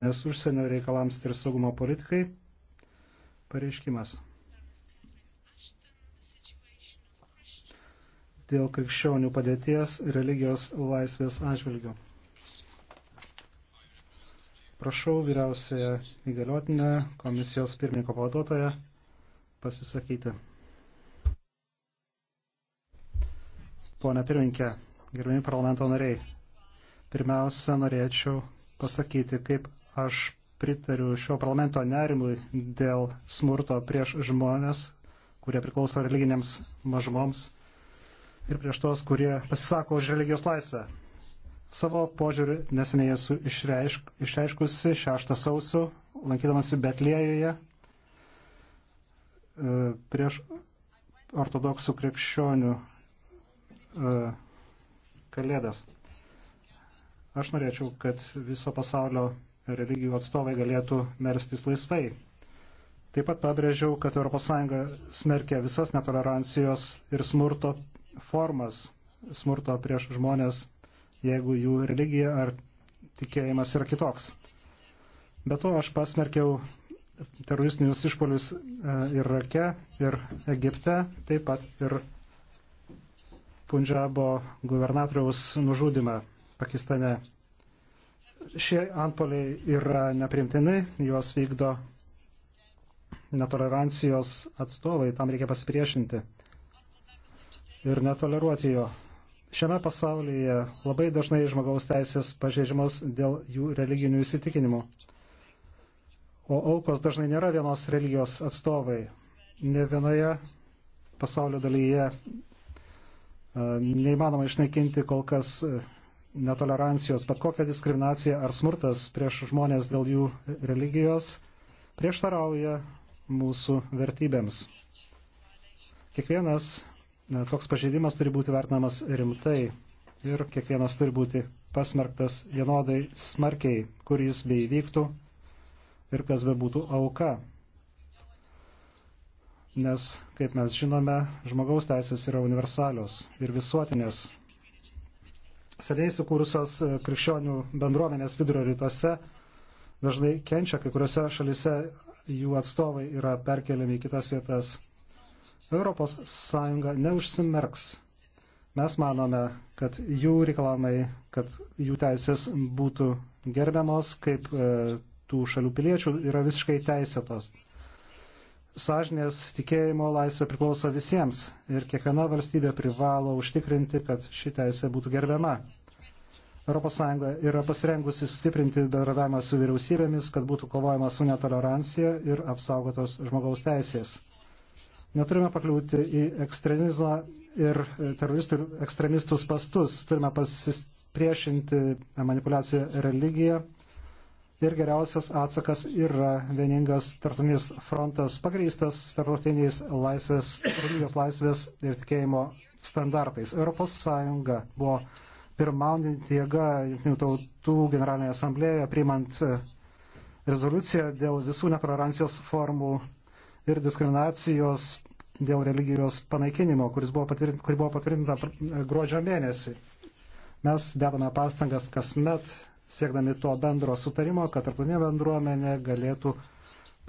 nes užsienio reikalams ir saugumo politikai pareiškimas. Dėl krikščionių padėties religijos laisvės atžvilgių. Prašau vyriausiąją įgaliotinę komisijos pirmininko pavaduotoją pasisakyti. Pone pirmininkė, gerbimi parlamento nariai, pirmiausia norėčiau pasakyti, kaip Aš pritariu šio parlamento nerimui dėl smurto prieš žmonės, kurie priklauso religinėms mažumoms ir prieš tos, kurie pasisako už religijos laisvę. Savo požiūrį neseniai esu išreišk, išreiškusi 6 sausio, lankydamasi Betlėjoje e, prieš ortodoksų krepšionių e, kalėdas. Aš norėčiau, kad viso pasaulio religijų atstovai galėtų merstis laisvai. Taip pat pabrėžiau, kad ES smerkia visas netolerancijos ir smurto formas, smurto prieš žmonės, jeigu jų religija ar tikėjimas yra kitoks. Be to aš pasmerkiau teroristinius išpolius e, Irake ir Egipte, taip pat ir Punjabo gubernatoriaus nužudimą Pakistane. Šie antpoliai yra neprimtini, juos vykdo netolerancijos atstovai, tam reikia pasipriešinti ir netoleruoti jo. Šiame pasaulyje labai dažnai žmogaus teisės pažeidžiamos dėl jų religinių įsitikinimų. O aukos dažnai nėra vienos religijos atstovai. Ne vienoje pasaulio dalyje e, neįmanoma išnaikinti kol kas e, netolerancijos, bet kokia diskriminacija ar smurtas prieš žmonės dėl jų religijos prieštarauja mūsų vertybėms. Kiekvienas toks pažeidimas turi būti vertinamas rimtai ir kiekvienas turi būti pasmerktas vienodai smarkiai, kur jis beivyktų ir kas be būtų auka. Nes, kaip mes žinome, žmogaus teisės yra universalios ir visuotinės seniai sukūrusios e, krikščionių bendruomenės vidurio rytuose dažnai kenčia, kai kuriuose šalise jų atstovai yra perkeliami į kitas vietas. Europos Sąjunga neužsimerks. Mes manome, kad jų reikalavimai, kad jų teisės būtų gerbiamos kaip e, tų šalių piliečių yra visiškai teisėtos sąžinės tikėjimo laisvė priklauso visiems ir kiekviena valstybė privalo užtikrinti, kad ši teisė būtų gerbiama. ES yra pasirengusi stiprinti bendravimą su vyriausybėmis, kad būtų kovojama su netolerancija ir apsaugotos žmogaus teisės. Neturime pakliūti į ekstremizmą ir teroristų ir ekstremistų spastus. Turime pasipriešinti e, manipulaciją religiją ir geriausias atsakas yra vieningas tartuminis frontas pagrįstas tartutiniais laisvės, religijos laisvės ir tikėjimo standartais. Europos Sąjunga buvo pirmaujantį jėgą Junktinių tautų generalinėje asamblėje priimant e, rezoliuciją dėl visų netolerancijos formų ir diskriminacijos dėl religijos panaikinimo, kuris buvo, patvirtinta, kuri buvo patvirtinta e, gruodžio mėnesį. Mes dedame pastangas kasmet siekdami to bendro sutarimo, kad tarptautinė bendruomenė galėtų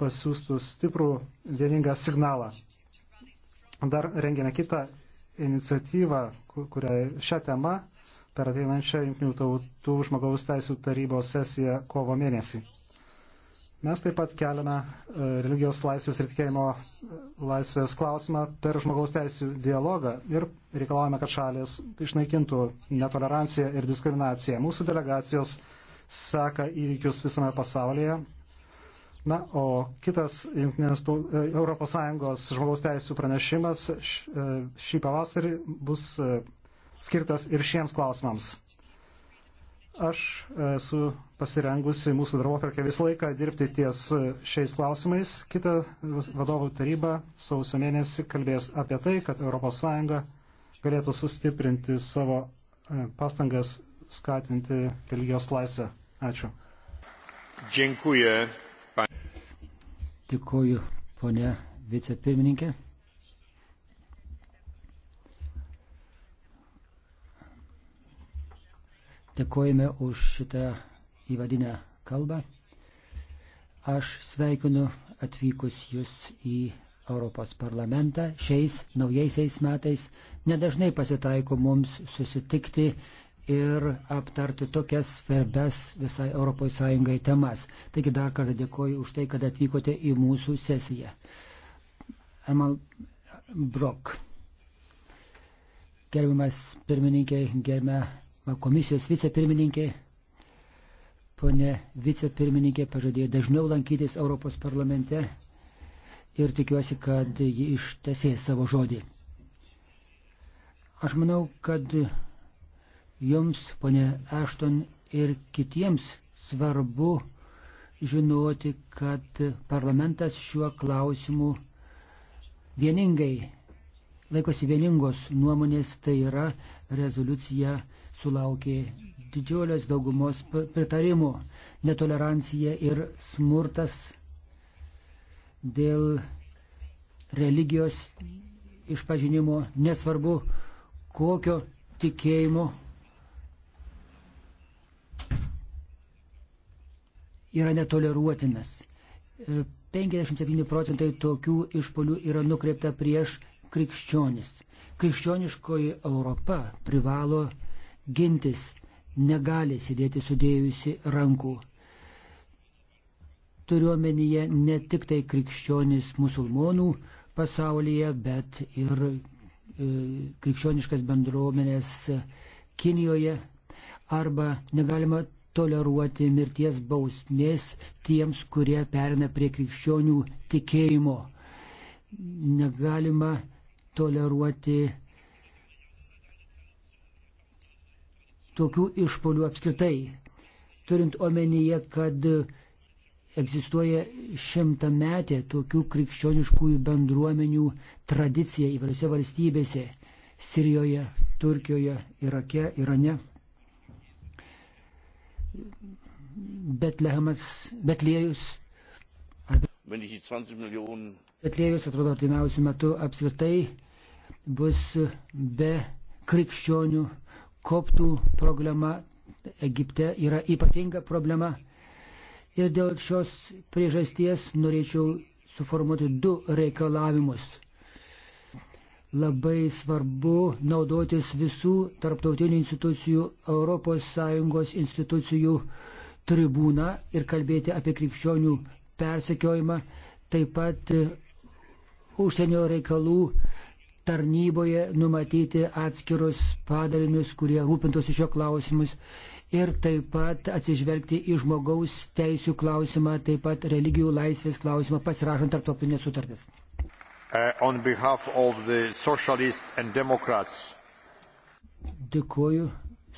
pasiūstų stiprų vieningą signalą. Dar rengiame kitą iniciatyvą, kurią šią temą per ateinančią Junktinių tautų žmogaus teisų tarybos sesiją kovo mėnesį. Mes taip pat keliame e, religijos laisvės ir tikėjimo e, laisvės klausimą per žmogaus teisų dialogą ir reikalavome, kad šalis išnaikintų netoleranciją ir diskriminaciją. Mūsų delegacijos seka įvykius visame pasaulyje. Na, o kitas Junktinės ES žmogaus teisų pranešimas e, šį pavasarį bus e, skirtas ir šiems klausimams. Aš e, esu pasirengusi mūsų darbotvarkė visą laiką dirbti ties šiais klausimais. Kita vadovų taryba sausio mėnesį kalbės apie tai, kad ES galėtų sustiprinti savo pastangas skatinti religijos laisvę. Ačiū. Dziękuję. Pan... Dėkuoju, ponė vicepirmininkė. Dėkojame už šitą įvadinę kalbą. Aš sveikinu atvykus jūs į Europos parlamentą šiais naujaisiais metais. Nedažnai pasitaiko mums susitikti ir aptarti tokias svarbes visai ES temas. Taigi dar kartą dėkoju už tai, kad atvykote į mūsų sesiją. Amal Brok. Gerbiamas pirmininkė, gerbiama komisijos vicepirmininkė. Pone vicepirmininkė pažadėjo dažniau lankytis Europos parlamente ir tikiuosi, kad ji ištesės savo žodį. Aš manau, kad Jums, ponė Ešton, ir kitiems svarbu žinoti, kad parlamentas šiuo klausimu vieningai laikosi vieningos nuomonės, tai yra rezoliucija sulaukė didžiulės daugumos pritarimų. Netolerancija ir smurtas dėl religijos išpažinimo, nesvarbu kokio tikėjimo yra netoleruotinas. 57 e, procentai tokių išpolių yra nukreipta prieš krikščionis. Krikščioniškoji Europa privalo gintis, negali sėdėti sudėjusi rankų. Turiuomenyje ne tik tai krikščionis musulmonų pasaulyje, bet ir e, krikščioniškas bendruomenės Kinijoje. Arba negalima toleruoti mirties bausmės tiems, kurie perina prie krikščionių tikėjimo. Negalima toleruoti tokių išpolių apskritai, turint omenyje, kad egzistuoja šimtametė tokių krikščioniškųjų bendruomenių tradicija įvairiose valstybėse - Sirijoje, Turkijoje, Irake, Irane. Betlehemas, Betlėjus. Betlėjus atrodo artimiausių metų apskritai bus be krikščionių. Koptų problema Egipte yra ypatinga problema. Ir dėl šios priežasties norėčiau suformuoti du reikalavimus labai svarbu naudotis visų tarptautinių institucijų, ES institucijų tribūną ir kalbėti apie krikščionių persekiojimą, taip pat užsienio reikalų tarnyboje numatyti atskirus padalinius, kurie rūpintųsi šio klausimus ir taip pat atsižvelgti į žmogaus teisų klausimą, taip pat religijų laisvės klausimą, pasirašant tarptautinės sutartis. Uh, on behalf of the Socialists and Democrats. Dėkuoju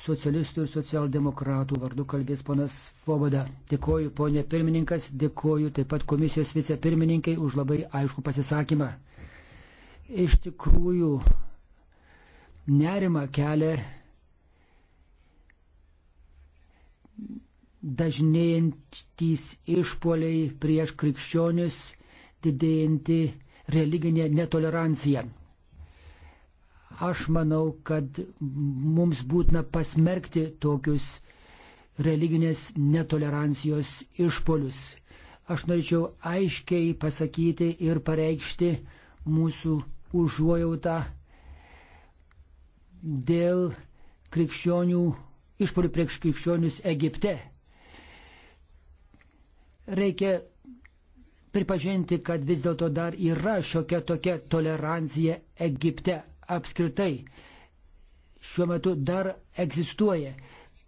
socialistų ir socialdemokratų vardu kalbės ponas Svoboda. Dėkuoju ponė pirmininkas, dėkuoju taip pat komisijos vicepirmininkai už labai aišku pasisakymą. Iš tikrųjų, nerima kelia dažnėjantys išpoliai prieš krikščionius, didėjanti religinė netolerancija. Aš manau, kad mums būtina pasmerkti tokius religinės netolerancijos išpolius. Aš norėčiau aiškiai pasakyti ir pareikšti mūsų užuojautą dėl krikščionių išpolių prieš krikščionius Egipte. Reikia pripažinti, kad vis dėlto dar yra šiokia tokia tolerancija Egipte apskritai. Šiuo metu dar egzistuoja.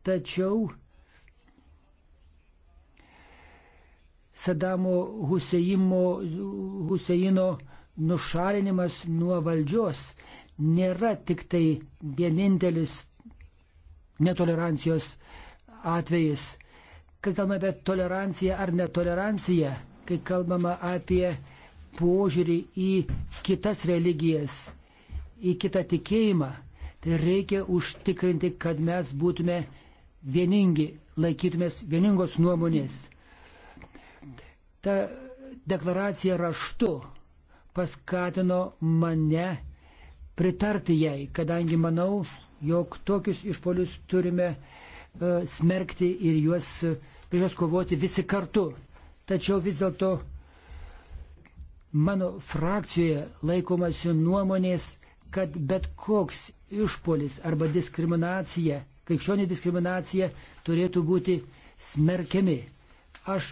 Tačiau Sadamo Huseino nušalinimas nuo valdžios nėra tik tai vienintelis netolerancijos atvejis. Kai kalbame apie toleranciją ar netoleranciją, kai kalbama apie požiūrį į kitas religijas, į kitą tikėjimą, tai reikia užtikrinti, kad mes būtume vieningi, laikytumės vieningos nuomonės. Ta deklaracija raštu paskatino mane pritarti jai, kadangi manau, jog tokius išpolius turime uh, smerkti ir juos, prieš juos kovoti visi kartu. Tačiau vis dėlto mano frakcijoje laikomasi nuomonės, kad bet koks išpolis arba diskriminacija, krikščionė diskriminacija turėtų būti smerkiami. Aš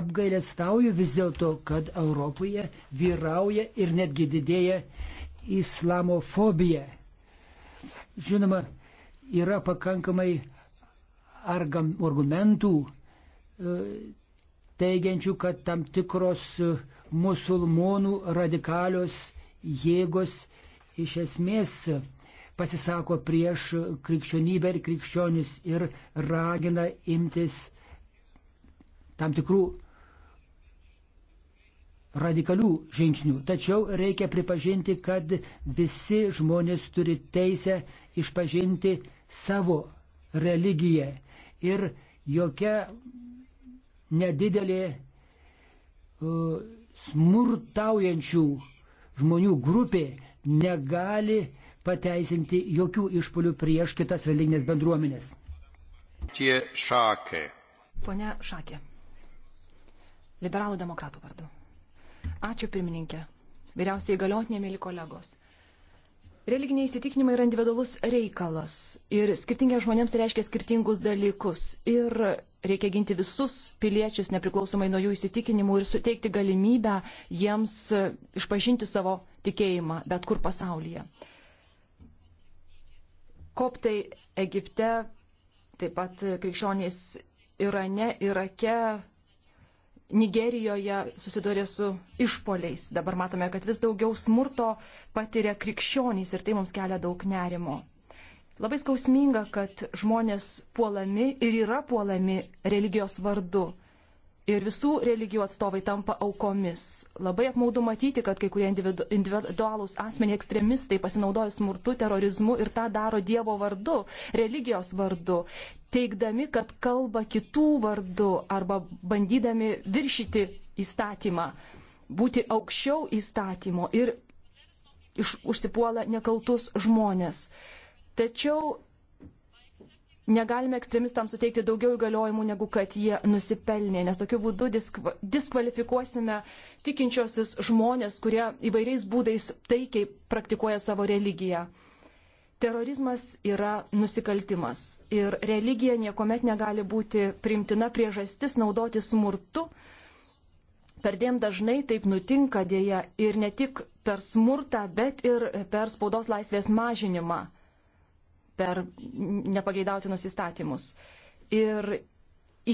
apgailestauju vis dėlto, kad Europoje vyrauja ir netgi didėja islamofobija. Žinoma, yra pakankamai argumentų e, teigiančių, kad tam tikros e, musulmonų radikalios jėgos iš esmės pasisako prieš krikščionybę ir krikščionis ir ragina imtis tam tikrų radikalių žingsnių. Tačiau reikia pripažinti, kad visi žmonės turi teisę išpažinti savo religiją. Ir jokia nedidelė e, smurtaujančių žmonių grupė negali pateisinti jokių išpolių prieš kitas religinės bendruomenės. Tie šakė. Pone Šakė. Liberalų demokratų vardu. Ačiū pirmininkė. Vyriausiai galiotinė, mėly kolegos. Religiniai įsitikinimai yra individualus reikalas ir skirtingiems žmonėms tai reiškia skirtingus dalykus. Ir reikia ginti visus piliečius nepriklausomai nuo jų įsitikinimų ir suteikti galimybę jiems išpažinti savo tikėjimą bet kur pasaulyje. Koptai Egipte, taip pat krikščionys Irane, Irake, Nigerijoje susidurė su išpoliais. Dabar matome, kad vis daugiau smurto patiria krikščionys ir tai mums kelia daug nerimo. Labai skausminga, kad žmonės puolami ir yra puolami religijos vardu. Ir visų religijų atstovai tampa aukomis. Labai apmaudu matyti, kad kai kurie individu, individualūs asmeniai ekstremistai pasinaudoja smurtu, terorizmu ir tą daro Dievo vardu, religijos vardu teikdami, kad kalba kitų vardų arba bandydami viršyti įstatymą, būti aukščiau įstatymo ir iš, užsipuola nekaltus žmonės. Tačiau negalime ekstremistams suteikti daugiau įgaliojimų, negu kad jie nusipelnė, nes tokiu būdu diskva, diskvalifikuosime tikinčiosius žmonės, kurie įvairiais būdais taikiai praktikuoja savo religiją. Terorizmas yra nusikaltimas ir religija niekuomet negali būti primtina priežastis naudoti smurtu. Perdėm dažnai taip nutinka dėja ir ne tik per smurtą, bet ir per spaudos laisvės mažinimą, per nepageidautinus įstatymus. Ir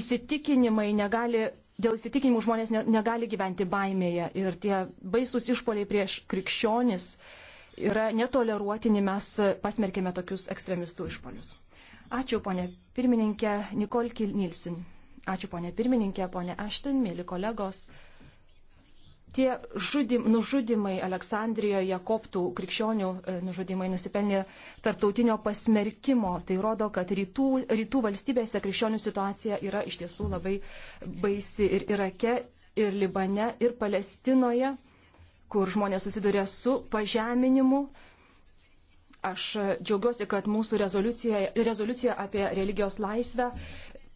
įsitikinimai negali, dėl įsitikinimų žmonės negali gyventi baimėje ir tie baisūs išpoliai prieš krikščionis, uh, yra netoleruotini, mes pasmerkėme tokius ekstremistų išpolius. Ačiū, ponė pirmininkė Nikol Kilnilsin. Ačiū, ponė pirmininkė, ponė Ašten, mėly kolegos. Tie žudim, nužudimai Aleksandrijoje, koptų krikščionių e, nužudimai nusipelnė tarptautinio pasmerkimo. Tai rodo, kad rytų, rytų valstybėse krikščionių situacija yra iš tiesų labai baisi ir Irake, ir Libane, ir Palestinoje kur žmonės susiduria su pažeminimu. Aš džiaugiuosi, kad mūsų rezoliucija, rezoliucija apie religijos laisvę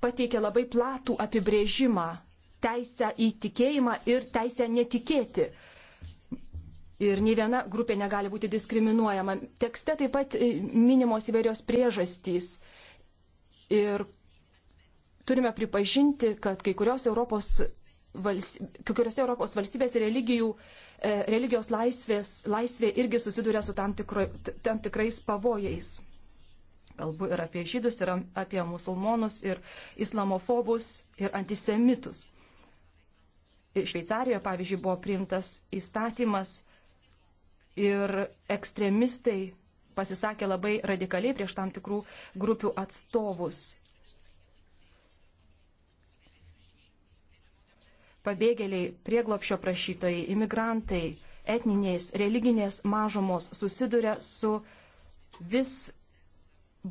pateikia labai platų apibrėžimą - teisę į tikėjimą ir teisę netikėti. Ir nei viena grupė negali būti diskriminuojama. Tekste taip pat minimos įvairios priežastys. Ir turime pripažinti, kad kai kurios Europos, valst... kai kurios Europos valstybės religijų uh, E, religijos laisvės, laisvė irgi susiduria su tam, tikro, tam tikrais pavojais. Kalbu ir apie žydus, ir apie musulmonus, ir islamofobus, ir antisemitus. E, Šveicarijoje, pavyzdžiui, buvo priimtas įstatymas ir ekstremistai pasisakė labai radikaliai prieš tam tikrų grupių atstovus. pabėgėliai, prieglopšio prašytojai, imigrantai, etninės, religinės mažumos susiduria su vis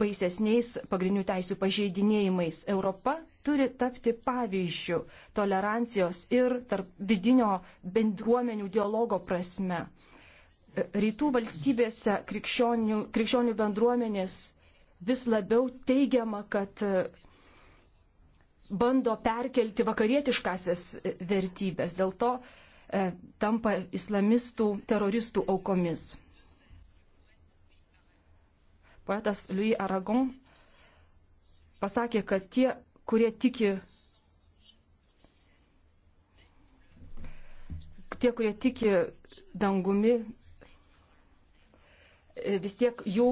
baisesniais pagrindinių teisų pažeidinėjimais. Europa turi tapti pavyzdžių tolerancijos ir tarp vidinio bendruomenių dialogo prasme. Rytų valstybėse krikščionių, krikščionių bendruomenės vis labiau teigiama, kad bando perkelti vakarietiškasias e, vertybės, dėl to e, tampa islamistų teroristų aukomis. Poetas Louis Aragon pasakė, kad tie, kurie tiki, tie, kurie tiki dangumi, e, vis tiek jų,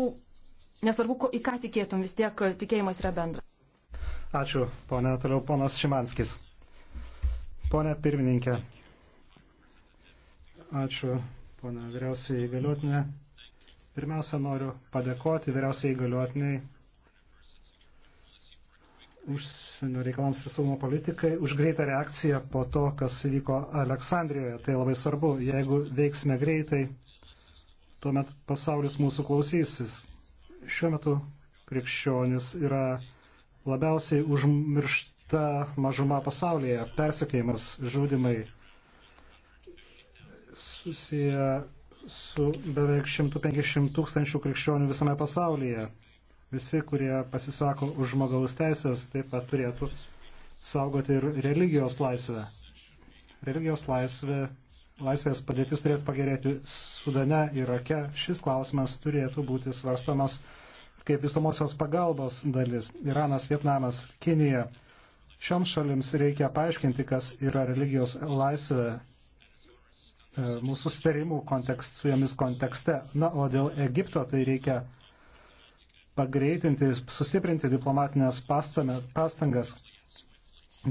nesvarbu, į ką tikėtum, vis tiek tikėjimas yra bendras. Ačiū, ponė. Toliau ponas Šimanskis. Pone pirmininkė. Ačiū, ponė vyriausiai įgaliotinė. Pirmiausia, noriu padėkoti vyriausiai įgaliotiniai užsienio reikalams ir saugumo politikai už greitą reakciją po to, kas įvyko Aleksandrijoje. Tai labai svarbu. Jeigu veiksime greitai, tuomet pasaulis mūsų klausysis. Šiuo metu krikščionis yra labiausiai užmiršta mažuma pasaulyje - persikėjimas, žudimai susiję su beveik 150 tūkstančių krikščionių visame pasaulyje. Visi, kurie pasisako už žmogaus teisės, taip pat turėtų saugoti ir religijos laisvę. Religijos laisvė, laisvės padėtis turėtų pagerėti Sudane, Irake. Šis klausimas turėtų būti svarstamas kaip visamosios pagalbos dalis - Iranas, Vietnamas, Kinija. Šioms šalims reikia paaiškinti, kas yra religijos laisvė e, mūsų sterimų kontekst, su jomis kontekste. Na, o dėl Egipto tai reikia pagreitinti, sustiprinti diplomatinės pastangas.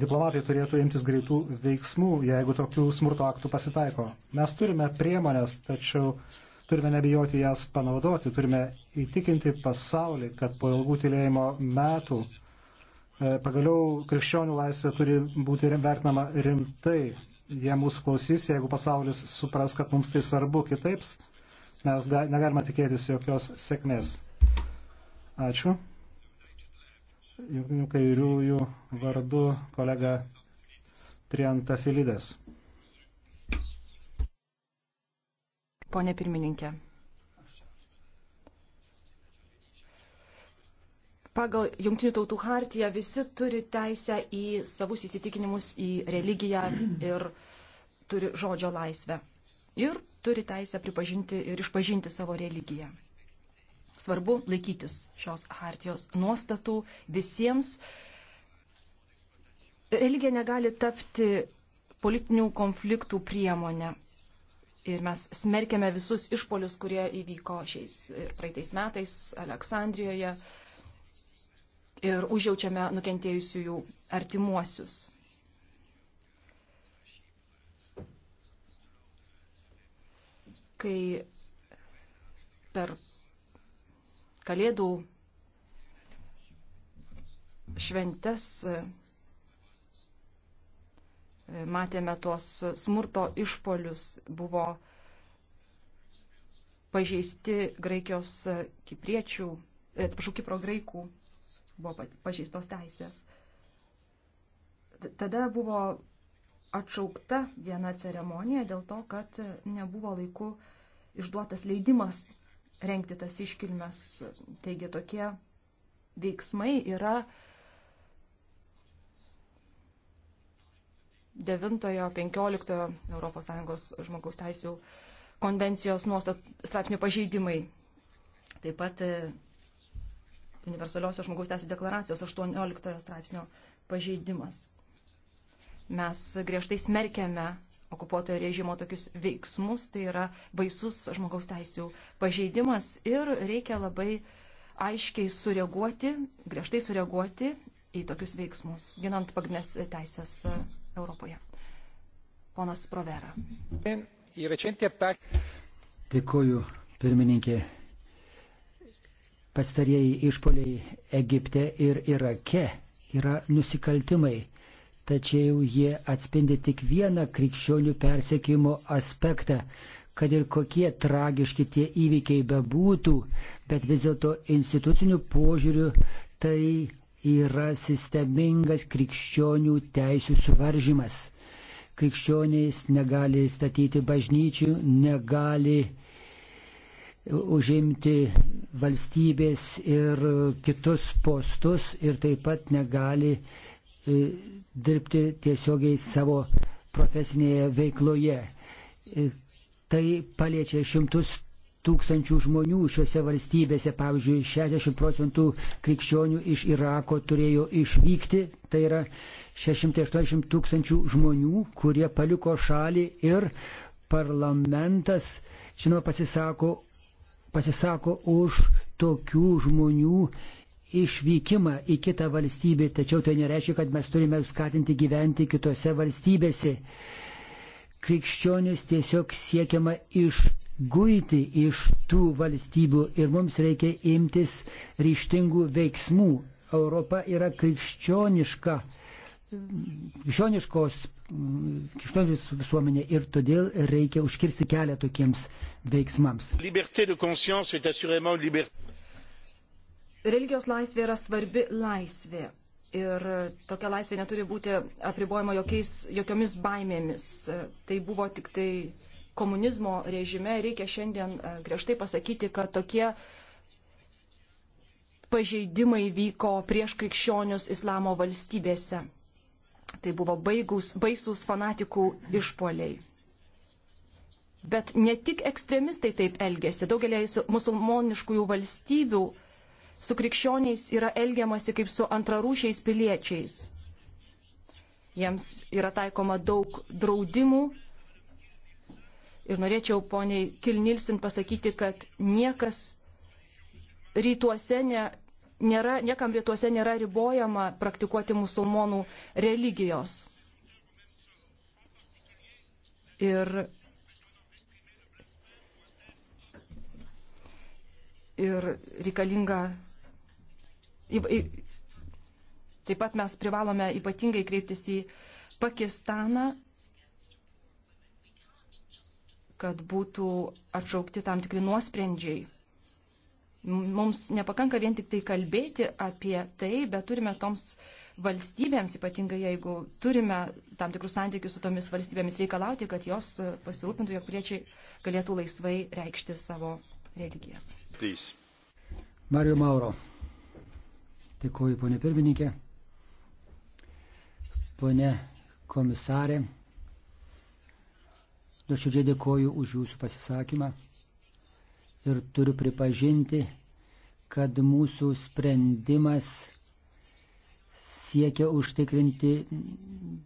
Diplomatai turėtų imtis greitų veiksmų, jeigu tokių smurto aktų pasitaiko. Mes turime priemonės, tačiau uh, Turime nebijoti jas panaudoti, turime įtikinti pasaulį, kad po ilgų tylėjimo metų e, pagaliau krikščionių laisvė turi būti vertinama rimtai. Jie mūsų klausys, jeigu pasaulis supras, kad mums tai svarbu kitaip, mes negalime tikėtis jokios sėkmės. Ačiū. Jungtinių kairiųjų vardu kolega Trianta Filidas. Pone pirmininkė. Pagal Junktinių tautų hartiją visi turi teisę į savus įsitikinimus, į religiją ir turi žodžio laisvę. Ir turi teisę pripažinti ir išpažinti savo religiją. Svarbu laikytis šios hartijos nuostatų visiems. Religija negali tapti politinių konfliktų priemonę. Ir mes smerkėme visus išpolius, kurie įvyko šiais e, praeitais metais Aleksandrijoje ir užjaučiame nukentėjusiųjų artimuosius. Kai per kalėdų šventes e, matėme tuos smurto išpolius, buvo pažeisti Graikijos kipriečių, atsiprašau, Kipro graikų, buvo pažeistos teisės. Tada buvo atšaukta viena ceremonija dėl to, kad nebuvo laiku išduotas leidimas rengti tas iškilmes. Taigi tokie veiksmai yra uh, 9-15 ES žmogaus teisų konvencijos nuostatų straipsnių pažeidimai. Taip pat e, universaliosios žmogaus teisų deklaracijos 18 straipsnio pažeidimas. Mes griežtai smerkėme okupuotojo režimo tokius veiksmus, tai yra baisus žmogaus teisų pažeidimas ir reikia labai aiškiai sureaguoti, griežtai sureaguoti į tokius veiksmus, ginant pagrindinės teisės Europoje. Ponas Provera. Dėkuoju, pirmininkė. Pastarieji išpoliai Egipte ir Irake yra nusikaltimai, tačiau jie atspindi tik vieną krikščionių persekimo aspektą kad ir kokie tragiški tie įvykiai bebūtų, bet vis dėlto institucinių požiūrių tai yra sistemingas krikščionių teisų suvaržymas. Krikščionys negali statyti bažnyčių, negali užimti valstybės ir kitus postus ir taip pat negali e, dirbti tiesiogiai savo profesinėje veikloje. E, tai paliečia šimtus tūkstančių žmonių šiuose valstybėse, pavyzdžiui, 60 procentų krikščionių iš Irako turėjo išvykti, tai yra 680 tūkstančių žmonių, kurie paliko šalį ir parlamentas, žinoma, pasisako, pasisako už tokių žmonių išvykimą į kitą valstybę, tačiau tai nereiškia, kad mes turime skatinti gyventi kitose valstybėse krikščionis tiesiog siekiama iš guiti iš tų valstybių ir mums reikia imtis ryštingų veiksmų. Europa yra krikščioniška, krikščioniškos, krikščioniškos visuomenė ir todėl reikia užkirsti kelią tokiems veiksmams. Religijos laisvė yra svarbi laisvė ir tokia laisvė neturi būti apribojama jokiais, jokiomis baimėmis. Tai buvo tik tai komunizmo režime, reikia šiandien e, griežtai pasakyti, kad tokie pažeidimai vyko prieš krikščionius islamo valstybėse. Tai buvo baigus, baisus fanatikų išpoliai. Bet ne tik ekstremistai taip elgėsi. Daugelį musulmoniškųjų valstybių su krikščioniais yra elgiamasi kaip su antrarūšiais piliečiais. Jiems yra taikoma daug draudimų, Ir norėčiau poniai Kilnilsin pasakyti, kad niekas rytuose ne, nėra, niekam rytuose nėra ribojama praktikuoti musulmonų religijos. Ir, ir reikalinga. Taip pat mes privalome ypatingai kreiptis į Pakistaną kad būtų atšaukti tam tikri nuosprendžiai. Mums nepakanka vien tik tai kalbėti apie tai, bet turime toms valstybėms, ypatingai jeigu turime tam tikrus santykius su tomis valstybėmis, reikalauti, kad jos pasirūpintų, jog priečiai galėtų laisvai reikšti savo religijas. Please. Mario Mauro. Dėkuoju, ponė pirmininkė. Pone komisarė. Nuoširdžiai dėkoju už jūsų pasisakymą ir turiu pripažinti, kad mūsų sprendimas siekia užtikrinti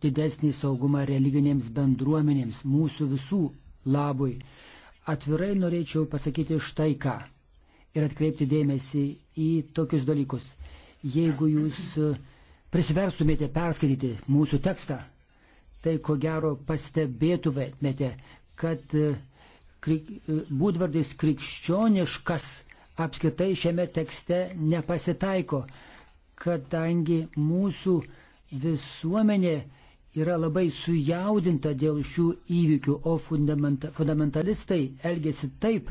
didesnį saugumą religinėms bendruomenėms, mūsų visų labui. Atvirai norėčiau pasakyti štai ką ir atkreipti dėmesį į tokius dalykus. Jeigu jūs e, prisiverstumėte perskaityti mūsų tekstą, tai ko gero pastebėtumėte, kad e, e, būdvardis krikščioniškas apskritai šiame tekste nepasitaiko, kadangi mūsų visuomenė yra labai sujaudinta dėl šių įvykių, o fundamenta, fundamentalistai elgesi taip,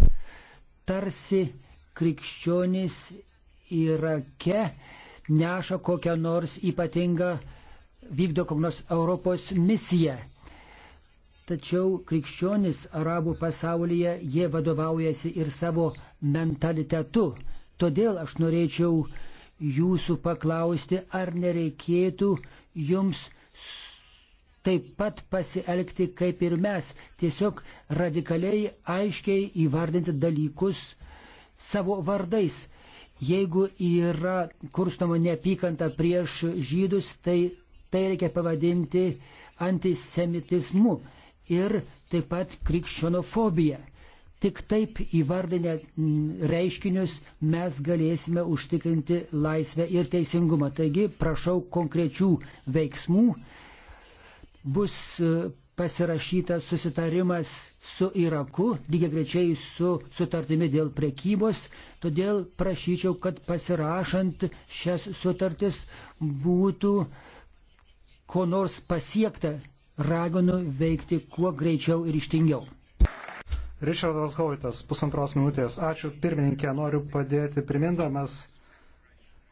tarsi krikščionys Irake neša kokią nors ypatingą vykdo kokios Europos misiją. Tačiau krikščionis arabų pasaulyje jie vadovaujasi ir savo mentalitetu. Todėl aš norėčiau jūsų paklausti, ar nereikėtų jums taip pat pasielgti kaip ir mes, tiesiog radikaliai aiškiai įvardinti dalykus savo vardais. Jeigu yra kurstoma neapykanta prieš žydus, tai Tai reikia pavadinti antisemitizmu ir taip pat krikščionofobija. Tik taip įvardinę mm, reiškinius mes galėsime užtikrinti laisvę ir teisingumą. Taigi prašau konkrečių veiksmų. Bus e, pasirašytas susitarimas su Iraku, lygiai grečiai su sutartimi dėl prekybos. Todėl prašyčiau, kad pasirašant šias sutartis būtų uh, ko nors pasiekta, raginu veikti kuo greičiau ir ištingiau. Richardas Hovitas, pusantros minutės. Ačiū pirmininkė, noriu padėti primindamas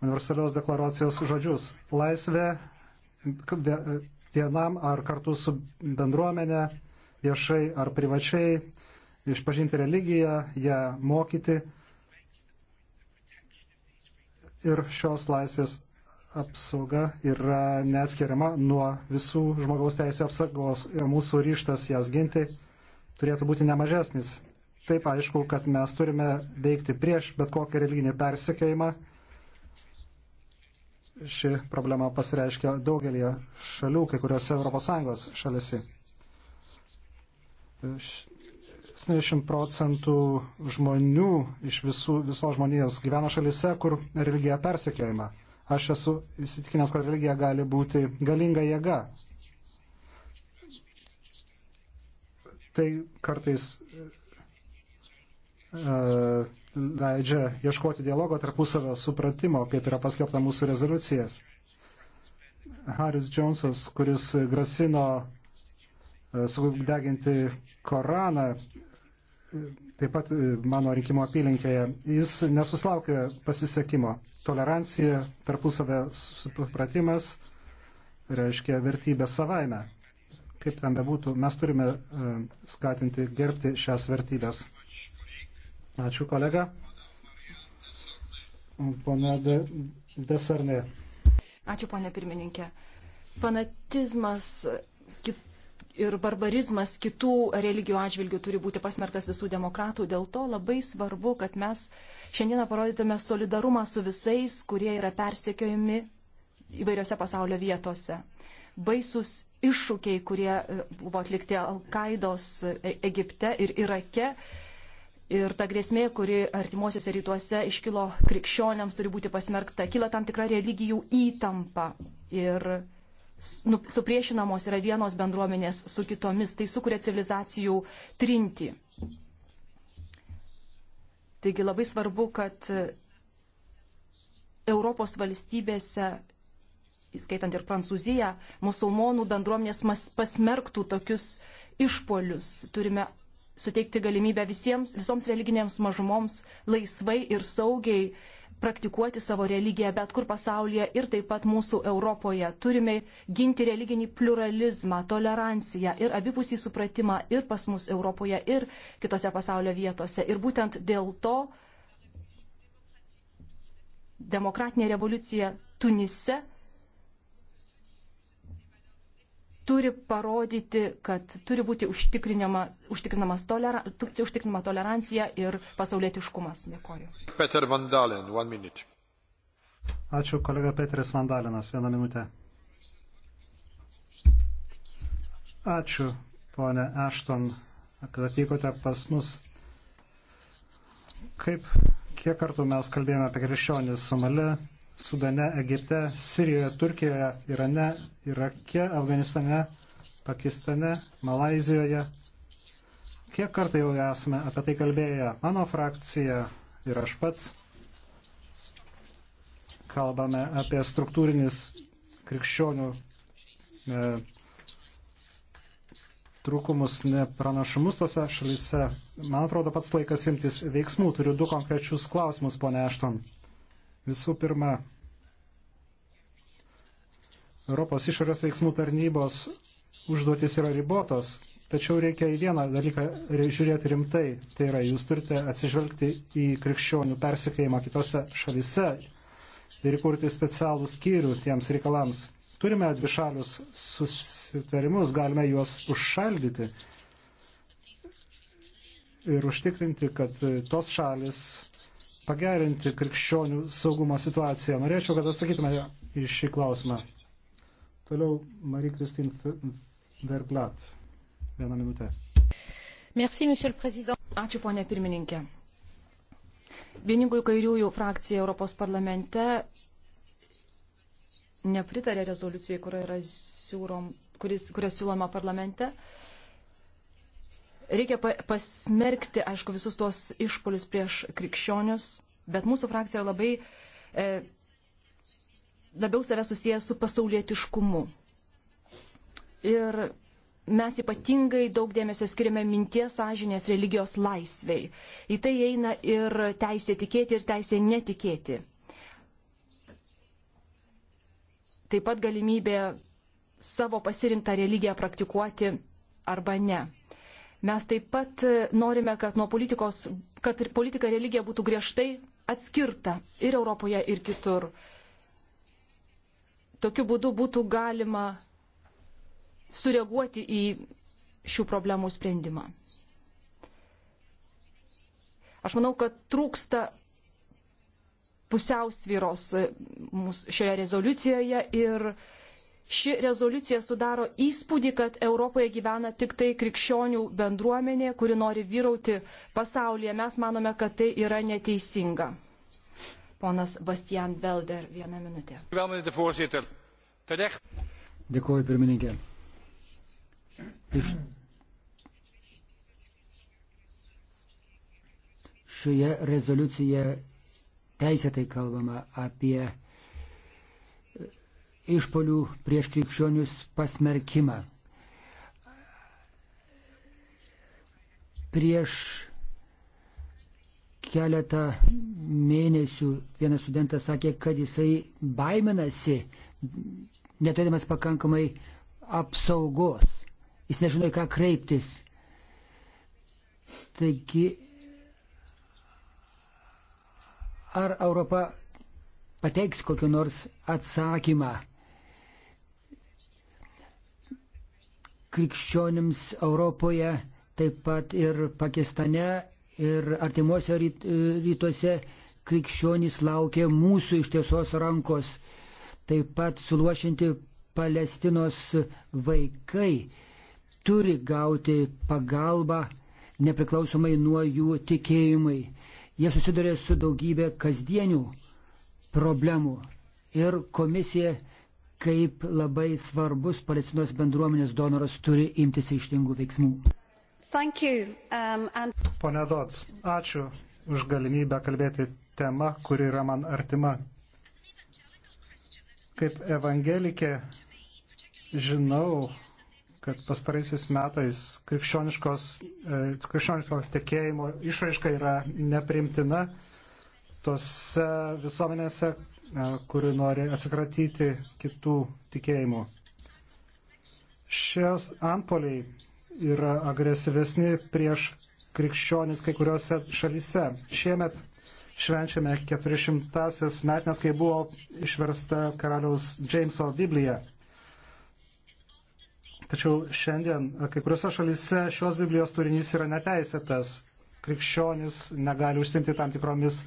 universalios deklaracijos žodžius. Laisvė vienam ar kartu su bendruomenė, viešai ar privačiai, išpažinti religiją, ją mokyti ir šios laisvės apsauga yra neatskiriama nuo visų žmogaus teisų apsaugos ir mūsų ryštas jas ginti turėtų būti nemažesnis. Taip aišku, kad mes turime veikti prieš bet kokį religinį persikėjimą. Ši problema pasireiškia daugelį šalių, kai kuriuose ES šalise. 70 procentų žmonių iš visų, visos žmonijos gyvena šalise, kur religija persikėjama. Aš esu įsitikinęs, kad religija gali būti galinga jėga. Tai kartais uh, leidžia ieškoti dialogo tarpusavio supratimo, kaip yra paskelbta mūsų rezoliucijas. Haris Džonsas, kuris grasino uh, sudeginti Koraną, uh, taip pat e, mano rinkimo apylinkėje, jis nesuslaukė pasisekimo. Tolerancija, tarpusavė supratimas reiškia vertybę savaime. Kaip ten bebūtų, mes turime e, skatinti gerbti šias vertybės. Ačiū, kolega. Pone Desarnė. Ačiū, ponė pirmininkė. Fanatizmas ir barbarizmas kitų religijų atžvilgių turi būti pasmerktas visų demokratų. Dėl to labai svarbu, kad mes šiandieną parodytume solidarumą su visais, kurie yra persekiojami įvairiose pasaulio vietose. Baisus iššūkiai, kurie e, buvo atlikti Al-Qaidos e, Egipte ir Irake. Ir ta grėsmė, kuri artimuosiuose rytuose iškilo krikščioniams, turi būti pasmerkta. Kila tam tikra religijų įtampa. Ir Nu, supriešinamos yra vienos bendruomenės su kitomis, tai sukuria civilizacijų trinti. Taigi labai svarbu, kad Europos valstybėse, įskaitant ir Prancūziją, musulmonų bendruomenės pasmerktų tokius išpolius. Turime suteikti galimybę visiems, visoms religinėms mažumoms laisvai ir saugiai praktikuoti savo religiją bet kur pasaulyje ir taip pat mūsų Europoje. Turime ginti religinį pluralizmą, toleranciją ir abipusį supratimą ir pas mus Europoje, ir kitose pasaulio vietose. Ir būtent dėl to demokratinė revoliucija Tunise turi parodyti, kad turi būti užtikrinama, tolera, užtikrinama tolerancija ir pasaulietiškumas. Dėkoju. Peter Vandalen, one minute. Ačiū, kolega Petris Vandalinas, vieną minutę. Ačiū, ponė Ashton, kad atvykote pas mus. Kaip, kiek kartų mes kalbėjome apie krikščionį Somalį, Sudane, Egipte, Sirijoje, Turkijoje, Irane, Irake, Afganistane, Pakistane, Malazijoje. Kiek kartai jau esame apie tai kalbėję? Mano frakcija ir aš pats kalbame apie struktūrinis krikščionių e, trūkumus, nepranašumus tose šalyse. Man atrodo, pats laikas imtis veiksmų. Turiu du konkrečius klausimus, ponia Ešton. Visų pirma, Europos išorės veiksmų tarnybos užduotis yra ribotos, tačiau reikia į vieną dalyką žiūrėti rimtai. Tai yra, jūs turite atsižvelgti į krikščionių persikėjimą kitose šalise ir įkurti specialų skyrių tiems reikalams. Turime dvišalius susitarimus, galime juos užšaldyti ir užtikrinti, kad tos šalis pagerinti krikščionių saugumo situaciją? Norėčiau, kad atsakytumėte į šį klausimą. Toliau Marie Kristin Verglat. Vieną minutę. Merci, Ačiū, ponė pirmininkė. Vieningųjų kairiųjų frakcija Europos parlamente nepritarė rezoliucijai, kuria siūloma parlamente. Uh, Reikia pasmerkti, aišku, visus tuos išpolius prieš krikščionius, bet mūsų frakcija labai e, labiau save susiję su pasaulietiškumu. Ir mes ypatingai daug dėmesio skiriame minties, sąžinės, religijos laisviai. Į tai eina ir teisė tikėti, ir teisė netikėti. Taip pat galimybė savo pasirinktą religiją praktikuoti arba ne. Mes taip pat e, norime, kad, nuo politikos, kad politika ir religija būtų griežtai atskirta ir Europoje, ir kitur. Tokiu būdu būtų galima sureaguoti į šių problemų sprendimą. Aš manau, kad trūksta pusiausvyros e, šioje rezoliucijoje ir uh, ši rezoliucija sudaro įspūdį, kad Europoje gyvena tik tai krikščionių bendruomenė, kuri nori vyrauti pasaulyje. Mes manome, kad tai yra neteisinga. Ponas Bastian Belder, vieną minutę. Dėkuoju, pirmininkė. Iš... Šioje rezoliucijoje teisėtai kalbama apie išpolių prieš krikščionius pasmerkimą. Prieš keletą mėnesių vienas studentas sakė, kad jisai baiminasi, neturėdamas pakankamai apsaugos. Jis nežino, ką kreiptis. Taigi, ar Europa pateiks kokį nors atsakymą? krikščionims Europoje, taip pat ir Pakistane ir artimuose rytuose krikščionys laukia mūsų ištiesos rankos. Taip pat suluošinti Palestinos vaikai turi gauti pagalbą nepriklausomai nuo jų tikėjimai. Jie susiduria su daugybė kasdienių problemų ir komisija kaip labai svarbus Palestinos bendruomenės donoras turi imtis ištingų veiksmų. Thank you, um, and... Pone Dots, ačiū už galimybę kalbėti temą, kuri yra man artima. Kaip evangelikė žinau, kad pastaraisiais metais krikščioniškos, e, krikščioniško tikėjimo išraiška yra neprimtina tose visuomenėse, kuri nori atsikratyti kitų tikėjimų. Šios antpoliai yra agresyvesni prieš krikščionis kai kuriuose šalyse. Šiemet švenčiame 400-asias metnes, kai buvo išversta karaliaus Džeimso Biblija. Tačiau šiandien kai kuriuose šalyse šios Biblijos turinys yra neteisėtas. Krikščionis negali užsimti tam tikromis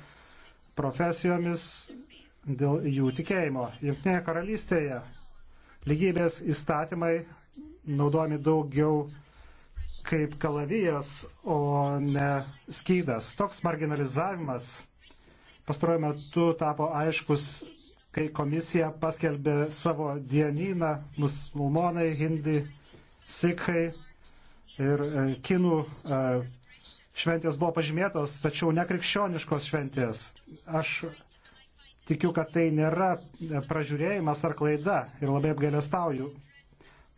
profesijomis, dėl jų tikėjimo. Junktinėje karalystėje lygybės įstatymai naudojami daugiau kaip kalavijas, o ne skydas. Toks marginalizavimas pastaruoju metu tapo aiškus, kai komisija paskelbė savo dienyną musulmonai, hindi, sikrai ir e, kinų e, šventės buvo pažymėtos, tačiau nekrikščioniškos šventės. Aš Tikiu, kad tai nėra pražiūrėjimas ar klaida ir labai apgailestauju.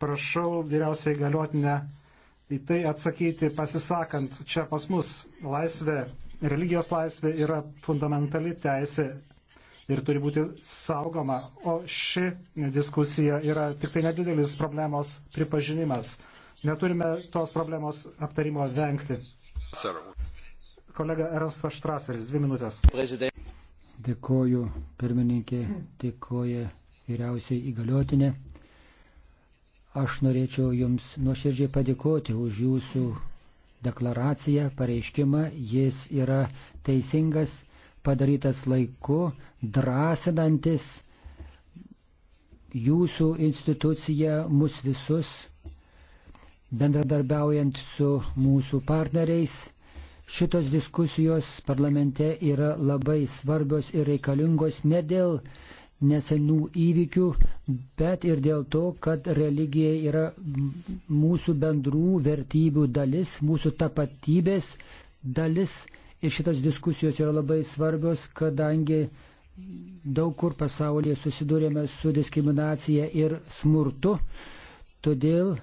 Prašau vyriausiai galiotinę į tai atsakyti pasisakant, čia pas mus laisvė, religijos laisvė yra fundamentali teisė ir turi būti saugoma, o ši diskusija yra tik tai nedidelis problemos pripažinimas. Neturime tos problemos aptarimo vengti. Sir. Kolega Ernsta Štraseris, dvi minutės. President. Dėkoju pirmininkė, dėkoju vyriausiai įgaliotinė. Aš norėčiau Jums nuoširdžiai padėkoti už Jūsų deklaraciją, pareiškimą. Jis yra teisingas, padarytas laiku, drąsinantis Jūsų institucija mus visus, bendradarbiaujant su mūsų partneriais Šitos diskusijos parlamente yra labai svarbios ir reikalingos ne dėl nesenų įvykių, bet ir dėl to, kad religija yra mūsų bendrų vertybių dalis, mūsų tapatybės dalis. Ir šitas diskusijos yra labai svarbios, kadangi daug kur pasaulyje susidūrėme su diskriminacija ir smurtu. Todėl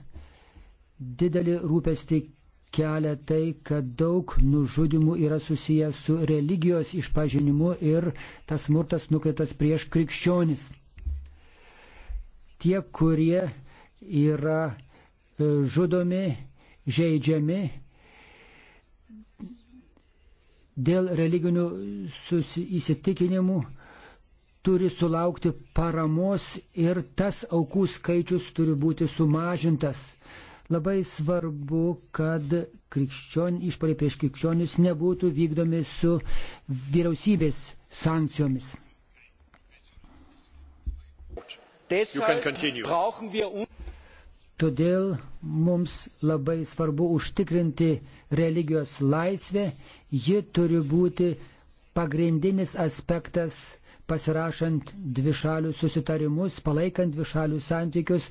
didelį rūpestį kelia tai, kad daug nužudimų yra susiję su religijos išpažinimu ir tas smurtas nukreiptas prieš krikščionis. Tie, kurie yra e, žudomi, žaidžiami dėl religinių įsitikinimų, turi sulaukti paramos ir tas aukų skaičius turi būti sumažintas Labai svarbu, kad išpaliai prieš krikščionius nebūtų vykdomi su vyriausybės sankcijomis. Todėl mums labai svarbu užtikrinti religijos laisvę, ji turi būti pagrindinis aspektas pasirašant dvišalius susitarimus, palaikant dvišalius santykius,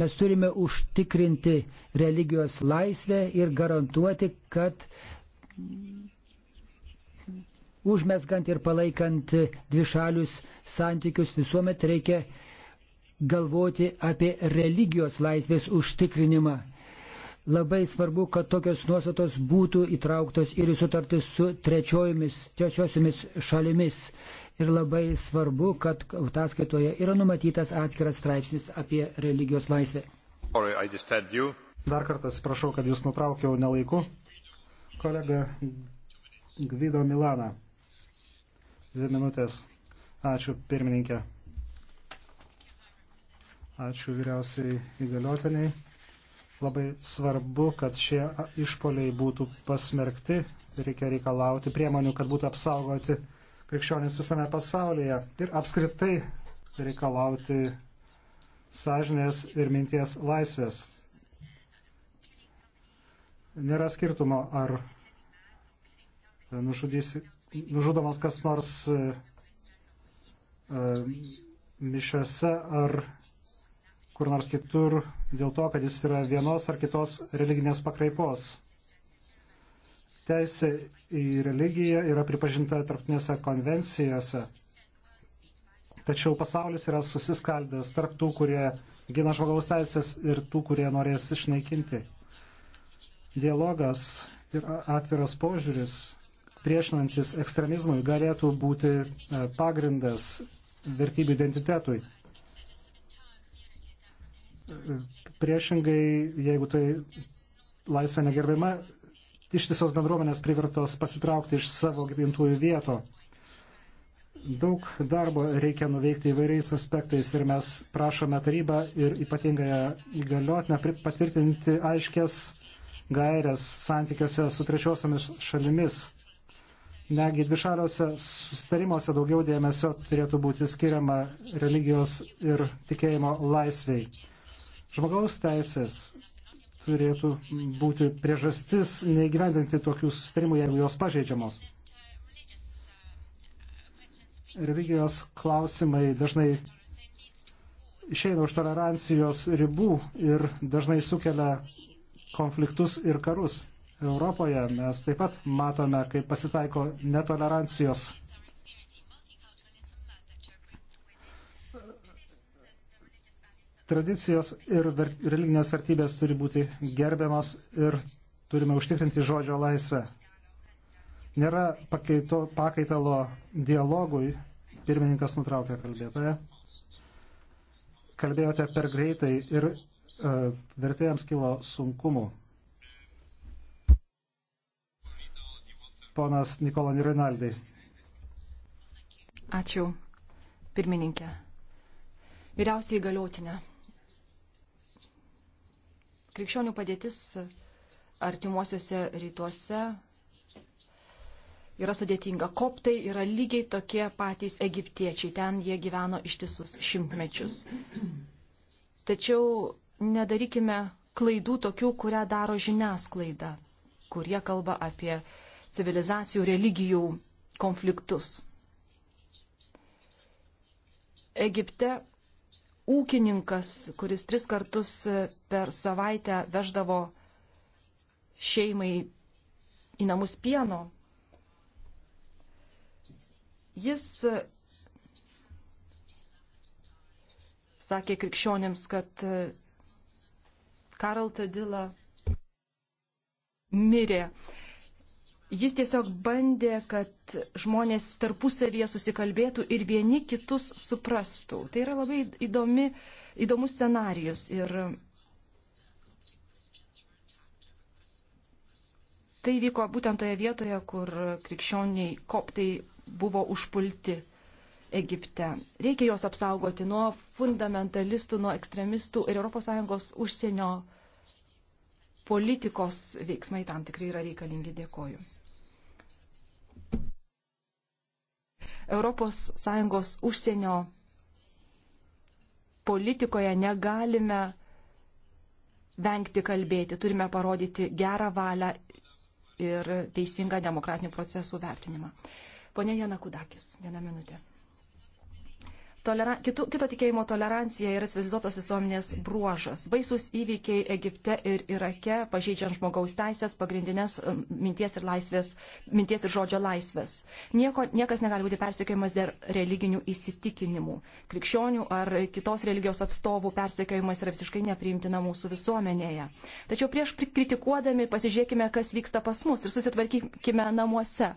Mes turime užtikrinti religijos laisvę ir garantuoti, kad užmesgant ir palaikant dvišalius santykius visuomet reikia galvoti apie religijos laisvės užtikrinimą. Labai svarbu, kad tokios nuostatos būtų įtrauktos ir į sutartis su trečiosiomis šalimis ir labai svarbu, kad ataskaitoje yra numatytas atskiras straipsnis apie religijos laisvę. Sorry, Dar kartą atsiprašau, kad jūs nutraukiau nelaiku. Kolega Gvido Milana. Dvi minutės. Ačiū, pirmininkė. Ačiū vyriausiai įgaliotiniai. Labai svarbu, kad šie išpoliai būtų pasmerkti. Reikia reikalauti priemonių, kad būtų apsaugoti krikščionis visame pasaulyje ir apskritai reikalauti sąžinės ir minties laisvės. Nėra skirtumo, ar nužudys, nužudomas kas nors e, e, mišiuose ar kur nors kitur dėl to, kad jis yra vienos ar kitos religinės pakraipos. Teisė į religiją yra pripažinta tarptautinėse konvencijose. Tačiau pasaulis yra susiskaldęs tarp tų, kurie gina žmogaus teisės ir tų, kurie norės išnaikinti. Dialogas ir atviras požiūris priešinantis ekstremizmui galėtų būti e, pagrindas vertybių identitetui. E, priešingai, jeigu tai laisvė negerbima, ištisos bendruomenės privertos pasitraukti iš savo gimtųjų vietų. Daug darbo reikia nuveikti įvairiais aspektais ir mes prašome tarybą ir ypatingąją įgaliotinę patvirtinti aiškės gairias santykiuose su trečiosiomis šalimis. Negi dvišaliuose sustarimuose daugiau dėmesio turėtų būti skiriama religijos ir tikėjimo laisviai. Žmogaus teisės turėtų būti priežastis neįgyvendinti tokių sustarimų, jeigu jos pažeidžiamos. Religijos klausimai dažnai išeina už tolerancijos ribų ir dažnai sukelia konfliktus ir karus. Europoje mes taip pat matome, kaip pasitaiko netolerancijos Tradicijos ir religinės vertybės turi būti gerbiamas ir turime užtikrinti žodžio laisvę. Nėra pakeito, pakaitalo dialogui, pirmininkas nutraukė kalbėtoje. Kalbėjote per greitai ir e, vertėjams kilo sunkumų. Ponas Nikola Nirinaldai. Ačiū, pirmininkė. Vyriausiai galiotinė. Krikščionių padėtis artimuosiuose rytuose yra sudėtinga. Koptai yra lygiai tokie patys egiptiečiai, ten jie gyveno ištisus šimtmečius. Tačiau nedarykime klaidų tokių, kurią daro žiniasklaida, kurie kalba apie civilizacijų, religijų konfliktus. Egipte ūkininkas, kuris tris kartus per savaitę veždavo šeimai į namus pieno. Jis sakė krikščionėms, kad Karl Tadila mirė. Jis tiesiog bandė, kad žmonės tarpusavyje susikalbėtų ir vieni kitus suprastų. Tai yra labai įdomi, įdomus scenarius. Ir tai vyko būtent toje vietoje, kur krikščioniai koptai buvo užpulti Egipte. Reikia juos apsaugoti nuo fundamentalistų, nuo ekstremistų ir ES užsienio politikos veiksmai tam tikrai yra reikalingi. Dėkoju. ES užsienio politikoje negalime vengti kalbėti, turime parodyti gerą valią ir teisingą demokratinių procesų vertinimą. Pone Janakudakis, vieną minutę toleran, kitų, kito tikėjimo tolerancija yra civilizuotos visuomenės bruožas. Baisus įvykiai Egipte ir Irake, pažeidžiant žmogaus teisės, pagrindinės um, minties ir, laisvės, minties ir žodžio laisvės. Nieko, niekas negali būti persekiojamas dėl religinių įsitikinimų. Krikščionių ar kitos religijos atstovų persekiojimas yra visiškai nepriimtina mūsų visuomenėje. Tačiau prieš kritikuodami pasižiūrėkime, kas vyksta pas mus ir susitvarkykime namuose.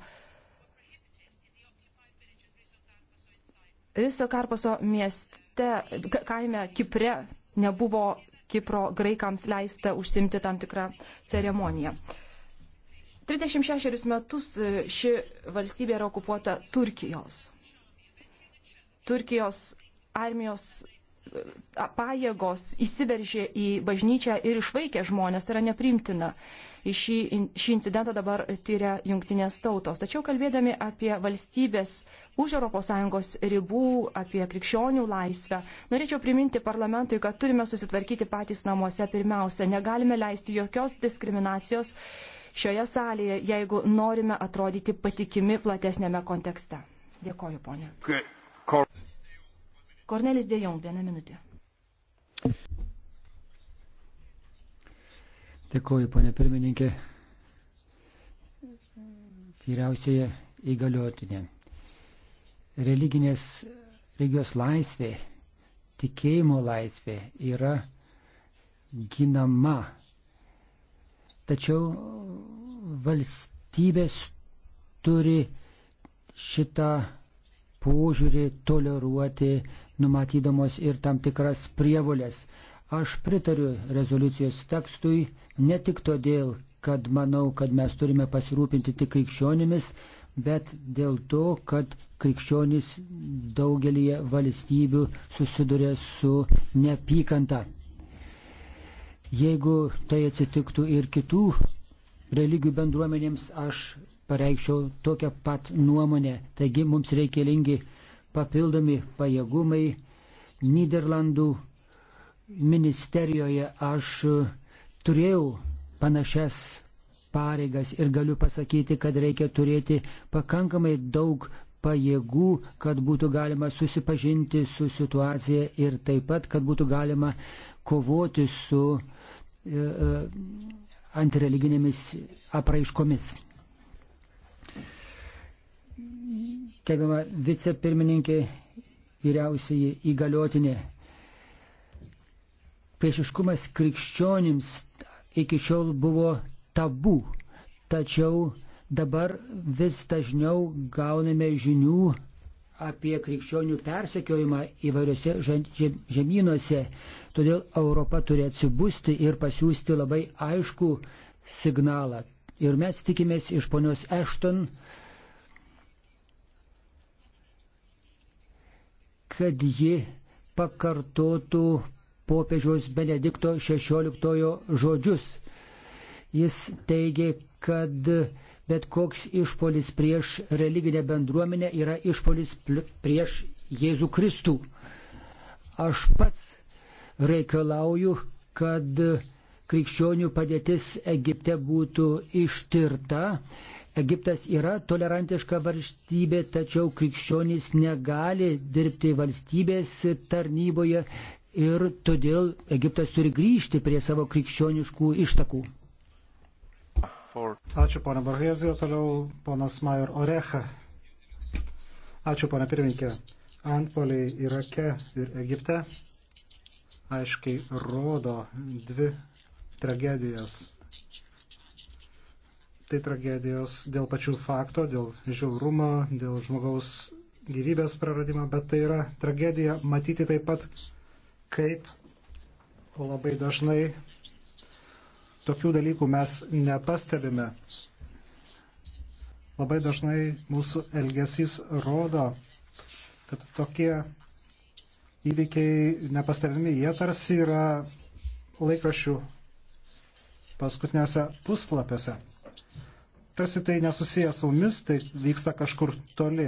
Viso Karpaso mieste, kaime Kipre nebuvo Kipro graikams leista užsimti tam tikrą ceremoniją. 36 metus e, ši valstybė yra okupuota Turkijos. Turkijos armijos pajėgos įsiveržė į bažnyčią ir išvaikė žmonės, tai yra neprimtina. Šį, šį incidentą dabar tyria jungtinės tautos. Tačiau kalbėdami apie valstybės už ES ribų, apie krikščionių laisvę, norėčiau priminti parlamentui, kad turime susitvarkyti patys namuose pirmiausia. Negalime leisti jokios diskriminacijos šioje salėje, jeigu norime atrodyti patikimi platesnėme kontekste. Dėkoju, ponė. Kornelis Dėjom, vieną minutę. Dėkuoju, ponė pirmininkė, vyriausioje įgaliotinė. Religinės religijos laisvė, tikėjimo laisvė yra ginama. Tačiau valstybės turi šitą požiūrį toleruoti, numatydamos ir tam tikras prievolės. Aš pritariu rezoliucijos tekstui ne tik todėl, kad manau, kad mes turime pasirūpinti tik krikščionimis, bet dėl to, kad krikščionys daugelį valstybių susiduria su neapykanta. Jeigu tai atsitiktų ir kitų religijų bendruomenėms, aš pareikščiau tokią pat nuomonę. Taigi mums reikalingi papildomi pajėgumai. Niderlandų ministerijoje aš e, turėjau panašias pareigas ir galiu pasakyti, kad reikia turėti pakankamai daug pajėgų, kad būtų galima susipažinti su situacija ir taip pat, kad būtų galima kovoti su e, e antireliginėmis apraiškomis. gerbiama vicepirmininkė, vyriausiai įgaliotinė. Priešiškumas krikščionims iki šiol buvo tabu, tačiau dabar vis dažniau gauname žinių apie krikščionių persekiojimą įvairiose žemynuose. Todėl Europa turi atsibusti ir pasiūsti labai aišku signalą. Ir mes tikimės iš ponios Ešton, kad ji pakartotų popiežiaus Benedikto XVI žodžius. Jis teigė, kad bet koks išpolis prieš religinę bendruomenę yra išpolis prieš Jėzų Kristų. Aš pats reikalauju, kad krikščionių padėtis Egipte būtų ištirta Egiptas yra tolerantiška valstybė, tačiau krikščionys negali dirbti valstybės tarnyboje ir todėl Egiptas turi grįžti prie savo krikščioniškų ištakų. Ačiū, pana Barhezija. Toliau ponas Major Orecha. Ačiū, pana pirminkė. Antpoliai Irake ir Egipte aiškiai rodo dvi tragedijas Tai tragedijos dėl pačių fakto, dėl žiaurumo, dėl žmogaus gyvybės praradimo, bet tai yra tragedija matyti taip pat, kaip labai dažnai tokių dalykų mes nepastebime. Labai dažnai mūsų elgesys rodo, kad tokie įvykiai nepastebimi, jie tarsi yra laikrašių paskutiniuose puslapiuose tarsi tai nesusijęs su mumis, tai vyksta kažkur toli.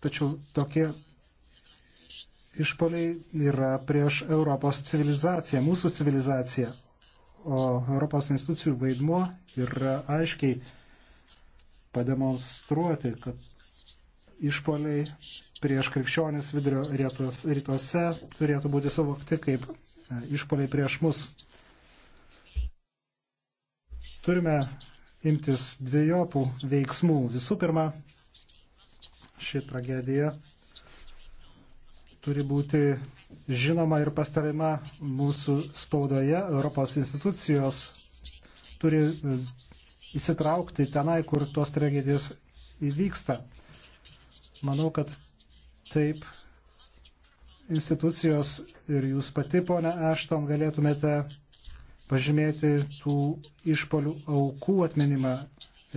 Tačiau tokie išpoliai yra prieš Europos civilizaciją, mūsų civilizaciją. O Europos institucijų vaidmuo yra aiškiai pademonstruoti, kad išpoliai prieš krikščionis vidurio rytuos, rytuose turėtų būti suvokti kaip e, išpoliai prieš mus. Turime imtis dviejopų veiksmų. Visų pirma, ši tragedija turi būti žinoma ir pastebima mūsų spaudoje. Europos institucijos turi e, įsitraukti tenai, kur tos tragedijos įvyksta. Manau, kad taip institucijos ir jūs pati, ponia Ešton, galėtumėte pažymėti tų išpolių aukų atminimą,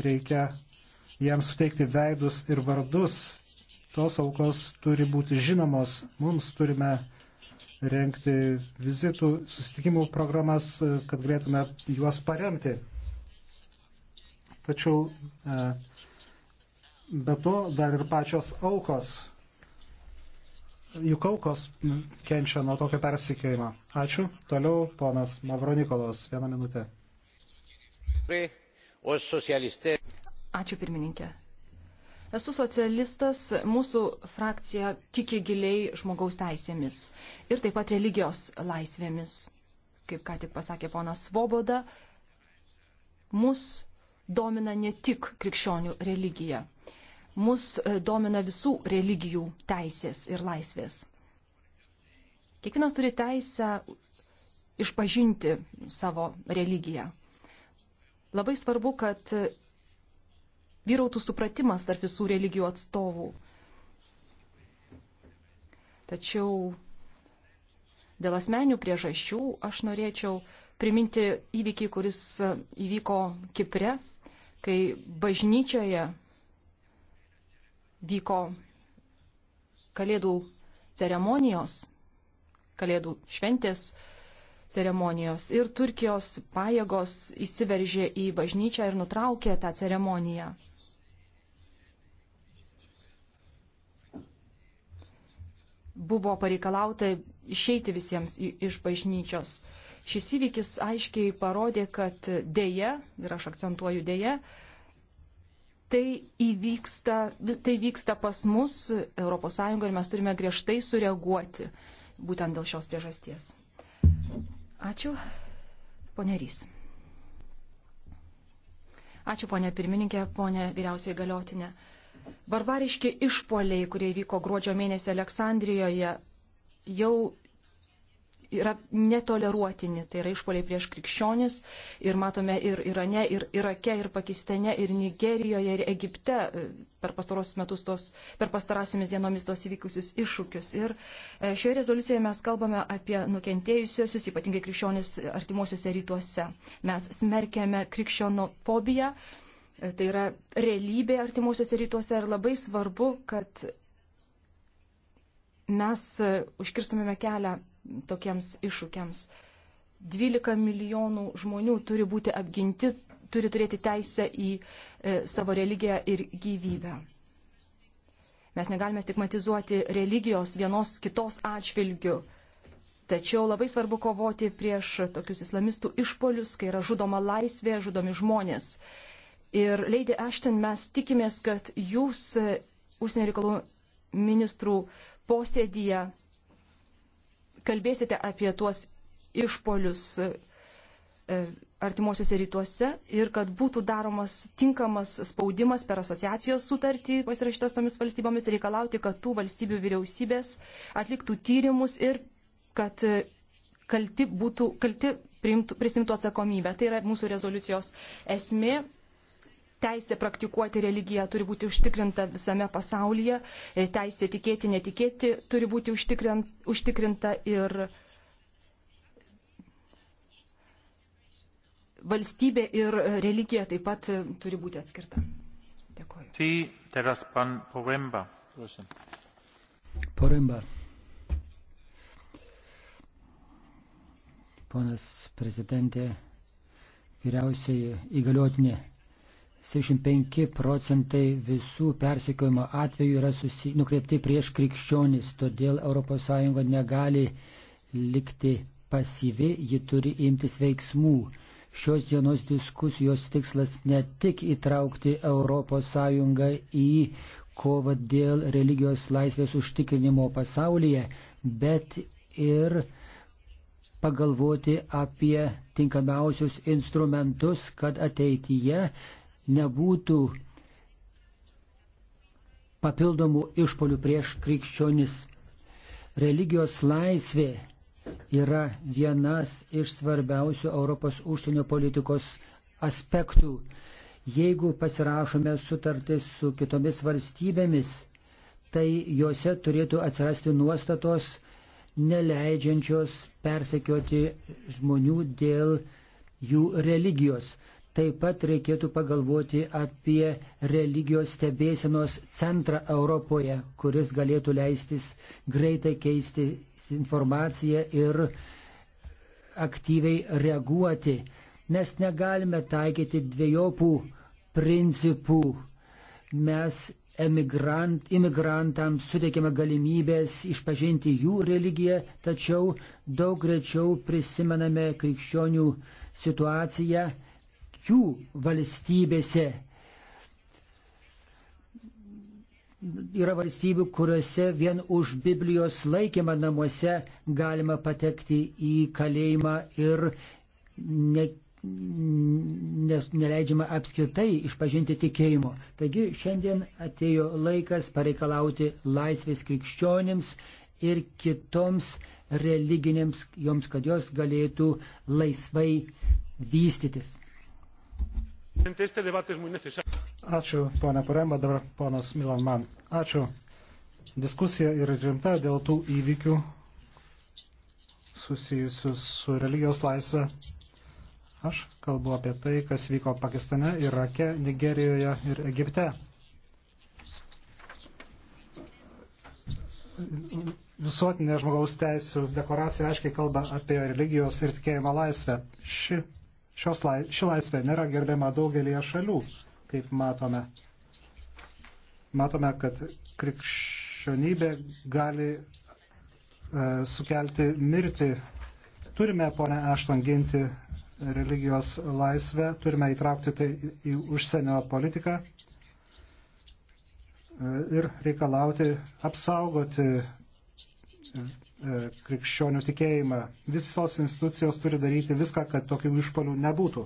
reikia jiems suteikti veidus ir vardus. Tos aukos turi būti žinomos, mums turime renkti vizitų, susitikimų programas, kad galėtume juos paremti. Tačiau e, be to dar ir pačios aukos juk aukos kenčia nuo tokio persikėjimo. Ačiū. Toliau ponas Mavronikolas, vieną minutę. Ačiū pirmininkė. Esu socialistas, mūsų frakcija tiki giliai žmogaus teisėmis ir taip pat religijos laisvėmis. Kaip ką tik pasakė ponas Svoboda, mus domina ne tik krikščionių religija mus e, domina visų religijų teisės ir laisvės. Kiekvienas turi teisę išpažinti savo religiją. Labai svarbu, kad vyrautų supratimas tarp visų religijų atstovų. Tačiau dėl asmenių priežasčių aš norėčiau priminti įvykį, kuris e, įvyko Kipre, kai bažnyčioje vyko kalėdų ceremonijos, kalėdų šventės ceremonijos ir Turkijos pajėgos įsiveržė į bažnyčią ir nutraukė tą ceremoniją. Buvo pareikalauta išeiti visiems iš bažnyčios. Šis įvykis aiškiai parodė, kad dėje, ir aš akcentuoju dėje, Tai įvyksta, tai vyksta pas mus ES ir mes turime griežtai sureaguoti būtent dėl šios priežasties. Ačiū, ponė Rys. Ačiū, ponė pirmininkė, ponė vyriausiai galiotinė. Barbariški išpoliai, kurie vyko gruodžio mėnesį Aleksandrijoje, jau yra netoleruotini. Tai yra išpoliai prieš krikščionis ir matome ir Irane, ir Irake, ir Pakistane, ir Nigerijoje, ir Egipte e, per pastarosius metus tos, per pastarosiamis dienomis tos įvykusius iššūkius. Ir e, šioje rezoliucijoje mes kalbame apie nukentėjusiosius, ypatingai krikščionis e, artimuosiuose rytuose. Mes smerkėme krikščionofobiją. Tai yra realybė artimuosiuose rytuose ir labai svarbu, kad mes užkirstumėme kelią tokiems iššūkiams. 12 milijonų žmonių turi būti apginti, turi turėti teisę į e, savo religiją ir gyvybę. Mes negalime stigmatizuoti religijos vienos kitos atžvilgių, tačiau labai svarbu kovoti prieš tokius islamistų išpolius, kai yra žudoma laisvė, žudomi žmonės. Ir Leidė Ashton, mes tikimės, kad jūs e, užsienio reikalų ministrų posėdyje kalbėsite apie tuos išpolius e, artimuosiuose rytuose ir kad būtų daromas tinkamas spaudimas per asociacijos sutartį pasirašytas tomis valstybėmis reikalauti, kad tų valstybių vyriausybės atliktų tyrimus ir kad e, kalti būtų, kalti priimtų, prisimtų atsakomybę. Tai yra mūsų rezoliucijos esmė teisė praktikuoti religiją turi būti užtikrinta visame pasaulyje, teisė tikėti, netikėti turi būti užtikrinta ir valstybė ir religija taip pat turi būti atskirta. Dėkuoju. Poremba. Ponas prezidentė, vyriausiai įgaliotinė 75 procentai visų persekiojimo atvejų yra susi... nukreipti prieš krikščionis, todėl ES negali likti pasyvi, ji turi imtis veiksmų. Šios dienos diskusijos tikslas ne tik įtraukti ES į kovą dėl religijos laisvės užtikrinimo pasaulyje, bet ir pagalvoti apie tinkamiausius instrumentus, kad ateityje nebūtų papildomų išpolių prieš krikščionis. Religijos laisvė yra vienas iš svarbiausių Europos užsienio politikos aspektų. Jeigu pasirašome sutartis su kitomis valstybėmis, tai juose turėtų atsirasti nuostatos neleidžiančios persekioti žmonių dėl jų religijos. Taip pat reikėtų pagalvoti apie religijos stebėsenos centrą Europoje, kuris galėtų leistis greitai keisti informaciją ir aktyviai reaguoti. Mes negalime taikyti dviejopų principų. Mes emigrant, imigrantams suteikiame galimybės išpažinti jų religiją, tačiau daug greičiau prisimename krikščionių situaciją jų valstybėse. Yra valstybių, kuriuose vien už Biblijos laikymą namuose galima patekti į kalėjimą ir ne, nes neleidžiama apskritai išpažinti tikėjimo. Taigi šiandien atėjo laikas pareikalauti laisvės krikščionims ir kitoms religinėms joms, kad jos galėtų laisvai vystytis. Ačiū, ponia Paremba, dabar ponas Milan Man. Ačiū. Diskusija yra rimta dėl tų įvykių susijusių su religijos laisvė. Aš kalbu apie tai, kas vyko Pakistane, Irake, Nigerijoje ir Egipte. Visuotinė žmogaus teisų deklaracija aiškiai kalba apie religijos ir tikėjimo laisvę. Ši Šios, lai, ši laisvė nėra gerbiama daugelie šalių, kaip matome. Matome, kad krikščionybė gali e, sukelti mirtį. Turime, ponia Ašton, ginti religijos laisvę, turime įtraukti tai į užsienio politiką e, ir reikalauti apsaugoti E, krikščionių tikėjimą. Visos institucijos turi daryti viską, kad tokių išpolių nebūtų.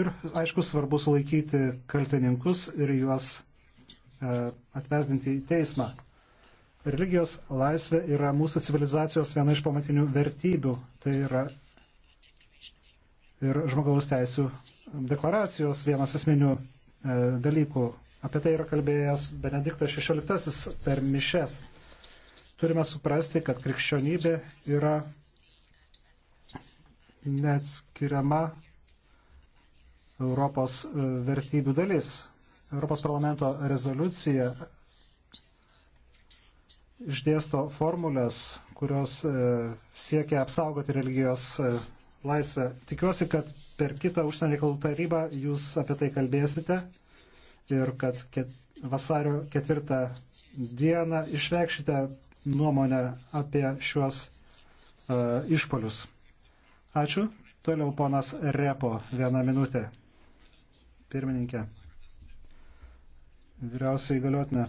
Ir, aišku, svarbu sulaikyti kaltininkus ir juos e, atvesdinti į teismą. Religijos laisvė yra mūsų civilizacijos viena iš pamatinių vertybių. Tai yra ir žmogaus teisų deklaracijos vienas esminių e, dalykų. Apie tai yra kalbėjęs Benediktas XVI per mišes. Turime suprasti, kad krikščionybė yra neatskiriama Europos e, vertybių dalis. Europos parlamento rezoliucija išdėsto formulės, kurios e, siekia apsaugoti religijos e, laisvę. Tikiuosi, kad per kitą užsienio reikalų tarybą jūs apie tai kalbėsite ir kad vasario ketvirtą dieną išreikšite nuomonę apie šiuos uh, išpolius. Ačiū. Toliau ponas Repo, vieną minutę. Pirmininkė. Vyriausiai galiotinė.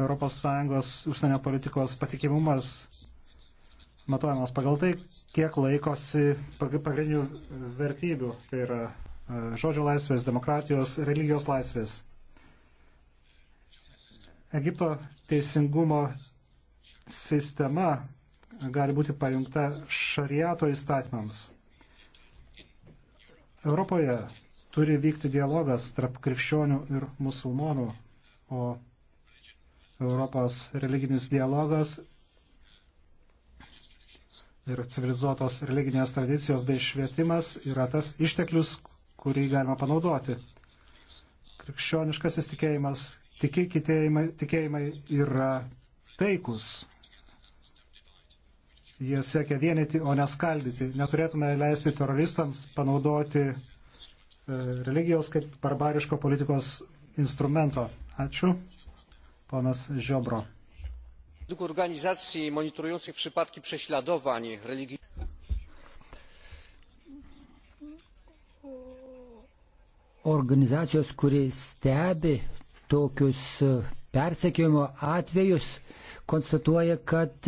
ES užsienio politikos patikimumas matuojamas pagal tai, kiek laikosi pagrindinių vertybių, tai yra e, žodžio laisvės, demokratijos, religijos laisvės. Egipto teisingumo sistema gali būti pajungta šariato įstatymams. Europoje turi vykti dialogas tarp krikščionių ir musulmonų, o Europos religinis dialogas ir civilizuotos religinės tradicijos bei švietimas yra tas išteklius, kurį galima panaudoti. Krikščioniškas įstikėjimas Tikėjimai, tikėjimai yra taikus. Jie siekia vienyti, o neskaldyti. Neturėtume leisti teroristams panaudoti e, religijos kaip barbariško politikos instrumento. Ačiū. Ponas Žiobro. Według organizacji monitorujących przypadki prześladowań religijnych. Organizacijos, kuris stebi tokius persekiojimo atvejus, konstatuoja, kad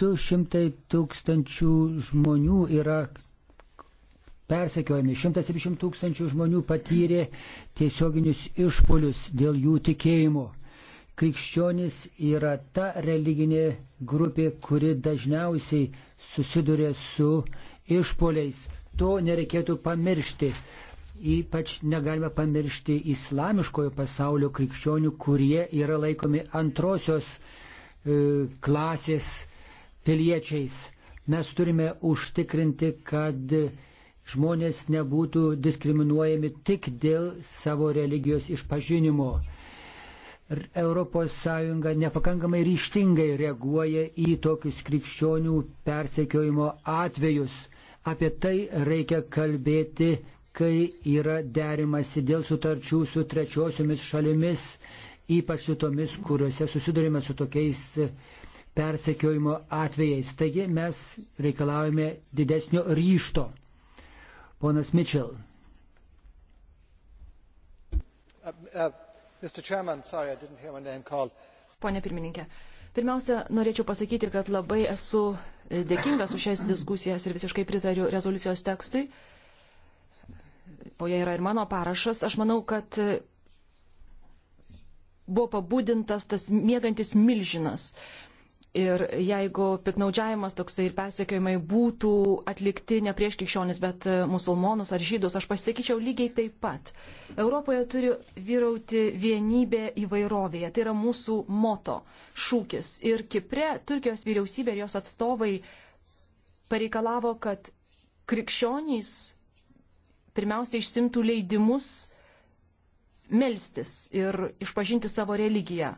200 tūkstančių žmonių yra persekiojami, 170 tūkstančių žmonių patyrė tiesioginius išpolius dėl jų tikėjimo. Krikščionis yra ta religinė grupė, kuri dažniausiai susiduria su išpoliais. To nereikėtų pamiršti. Ypač negalime pamiršti islamiškojo pasaulio krikščionių, kurie yra laikomi antrosios e, klasės piliečiais. Mes turime užtikrinti, kad žmonės nebūtų diskriminuojami tik dėl savo religijos išpažinimo. ES nepakankamai ryštingai reaguoja į tokius krikščionių persekiojimo atvejus. Apie tai reikia kalbėti kai yra derimasi dėl sutarčių su trečiosiomis šalimis, ypač su tomis, kuriuose susidurime su tokiais persekiojimo atvejais. Taigi mes reikalavome didesnio ryšto. Ponas Mitchell. Uh, uh, Chairman, sorry, Pone pirmininkė, pirmiausia, norėčiau pasakyti, kad labai esu dėkingas už šias diskusijas ir visiškai pritariu rezoliucijos tekstui. Uh, po ją yra ir mano parašas, aš manau, kad buvo pabudintas tas mėgantis milžinas. Ir jeigu piknaudžiavimas toksai ir persekiojimai būtų atlikti ne prieš krikščionis, bet e, musulmonus ar žydus, aš pasakyčiau lygiai taip pat. Europoje turi vyrauti vienybė įvairovėje. Tai yra mūsų moto, šūkis. Ir Kipre, Turkijos vyriausybė ir jos atstovai pareikalavo, kad krikščionys pirmiausia išsimtų leidimus melstis ir išpažinti savo religiją.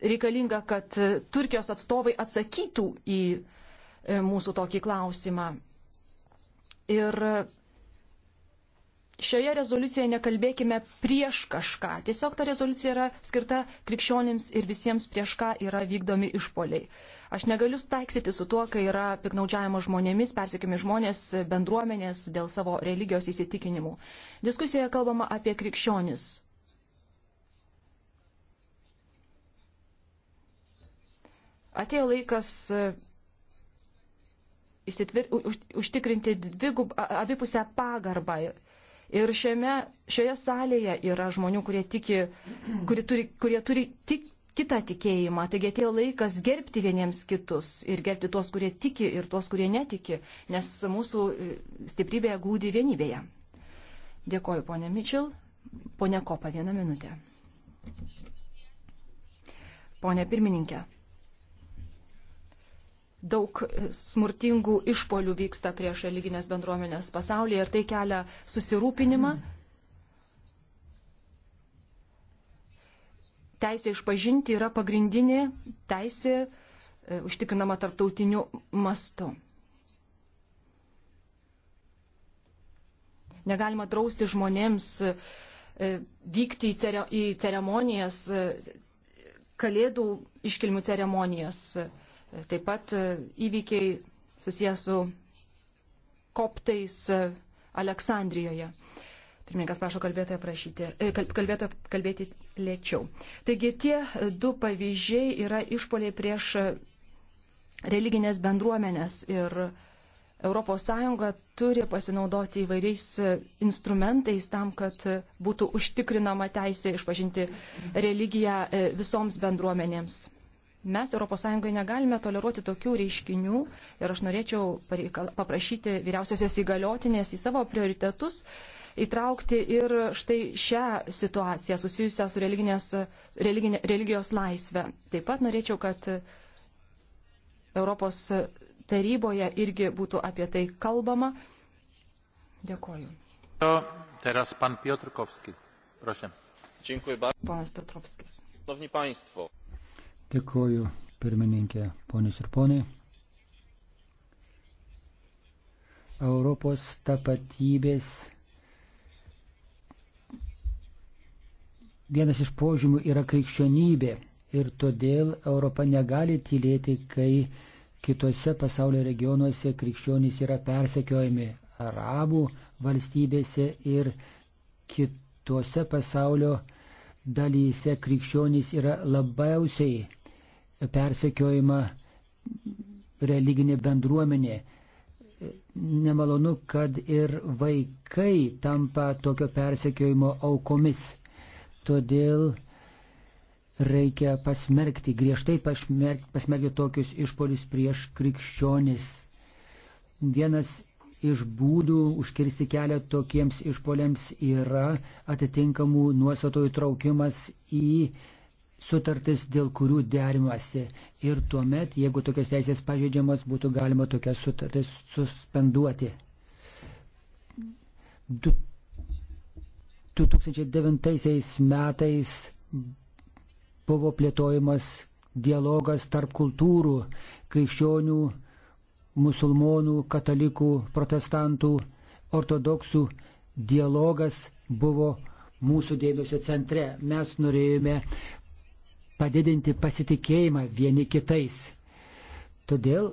Reikalinga, kad Turkijos atstovai atsakytų į e, mūsų tokį klausimą. Ir šioje rezoliucijoje nekalbėkime prieš kažką. Tiesiog ta rezoliucija yra skirta krikščionims ir visiems prieš ką yra vykdomi išpoliai. Aš negaliu taiksyti su tuo, kai yra piknaudžiavimo žmonėmis, persikimi žmonės, bendruomenės dėl savo religijos įsitikinimų. Diskusijoje kalbama apie krikščionis. Atėjo laikas e, užtikrinti dvigub, abipusę pagarbą Ir šiame, šioje salėje yra žmonių, kurie, tiki, kurie turi, kurie turi tik, kitą tikėjimą. Taigi atėjo laikas gerbti vieniems kitus ir gerbti tuos, kurie tiki ir tuos, kurie netiki, nes mūsų e, stiprybėje glūdi vienybėje. Dėkoju, ponė Mitchell. Pone Kopa, vieną minutę. Pone pirmininkė daug smurtingų išpolių vyksta prieš religinės bendruomenės pasaulyje ir tai kelia susirūpinimą. Teisė išpažinti yra pagrindinė teisė e, užtikrinama tarptautiniu mastu. Negalima drausti žmonėms e, vykti į ceremonijas, e, kalėdų iškilmių ceremonijas Taip pat e, įvykiai susijęs su koptais e, Aleksandrijoje. Pirmininkas prašo kalbėtoje prašyti, e, kalbėtoje kalbėti lėčiau. Taigi tie du pavyzdžiai yra išpoliai prieš religinės bendruomenės ir ES turi pasinaudoti įvairiais instrumentais tam, kad būtų užtikrinama teisė išpažinti religiją visoms bendruomenėms. Mes ES negalime toleruoti tokių reiškinių ir aš norėčiau paprašyti vyriausiosios įgaliotinės į savo prioritetus įtraukti ir štai šią situaciją susijusią su religinė, religijos laisvė. Taip pat norėčiau, kad Europos taryboje irgi būtų apie tai kalbama. Dėkoju. Teraz pan Piotrkowski. Proszę. Dziękuję bardzo. Pan Piotrowskis. Szanowni Państwo. Dėkuoju pirmininkė, ponius ir ponai. Europos tapatybės vienas iš požymų yra krikščionybė ir todėl Europa negali tylėti, kai kitose pasaulio regionuose krikščionys yra persekiojami arabų valstybėse ir kitose pasaulio dalyse krikščionys yra labiausiai persekiojama religinė bendruomenė. Nemalonu, kad ir vaikai tampa tokio persekiojimo aukomis. Todėl reikia pasmerkti, griežtai pasmerkti, pasmerkti tokius išpolius prieš krikščionis. Vienas iš būdų užkirsti kelią tokiems išpoliams yra atitinkamų nuostatų įtraukimas į sutartis, dėl kurių derimasi. Ir tuomet, jeigu tokios teisės pažeidžiamos, būtų galima tokias sutartis suspenduoti. 2009 metais buvo plėtojimas dialogas tarp kultūrų, krikščionių, musulmonų, katalikų, protestantų, ortodoksų. Dialogas buvo mūsų dėmesio centre. Mes norėjome padidinti pasitikėjimą vieni kitais. Todėl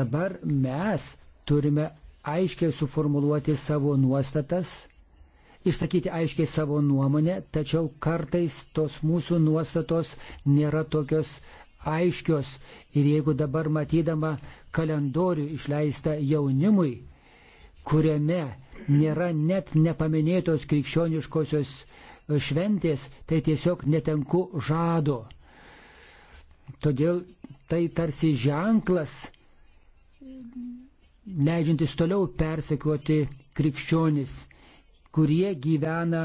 dabar mes turime aiškiai suformuluoti savo nuostatas, išsakyti aiškiai savo nuomonę, tačiau kartais tos mūsų nuostatos nėra tokios aiškios. Ir jeigu dabar matydama kalendorių išleistą jaunimui, kuriame nėra net nepaminėtos krikščioniškosios šventės, tai tiesiog netenku žado. Todėl tai tarsi ženklas, leidžiantis toliau persekioti krikščionis, kurie gyvena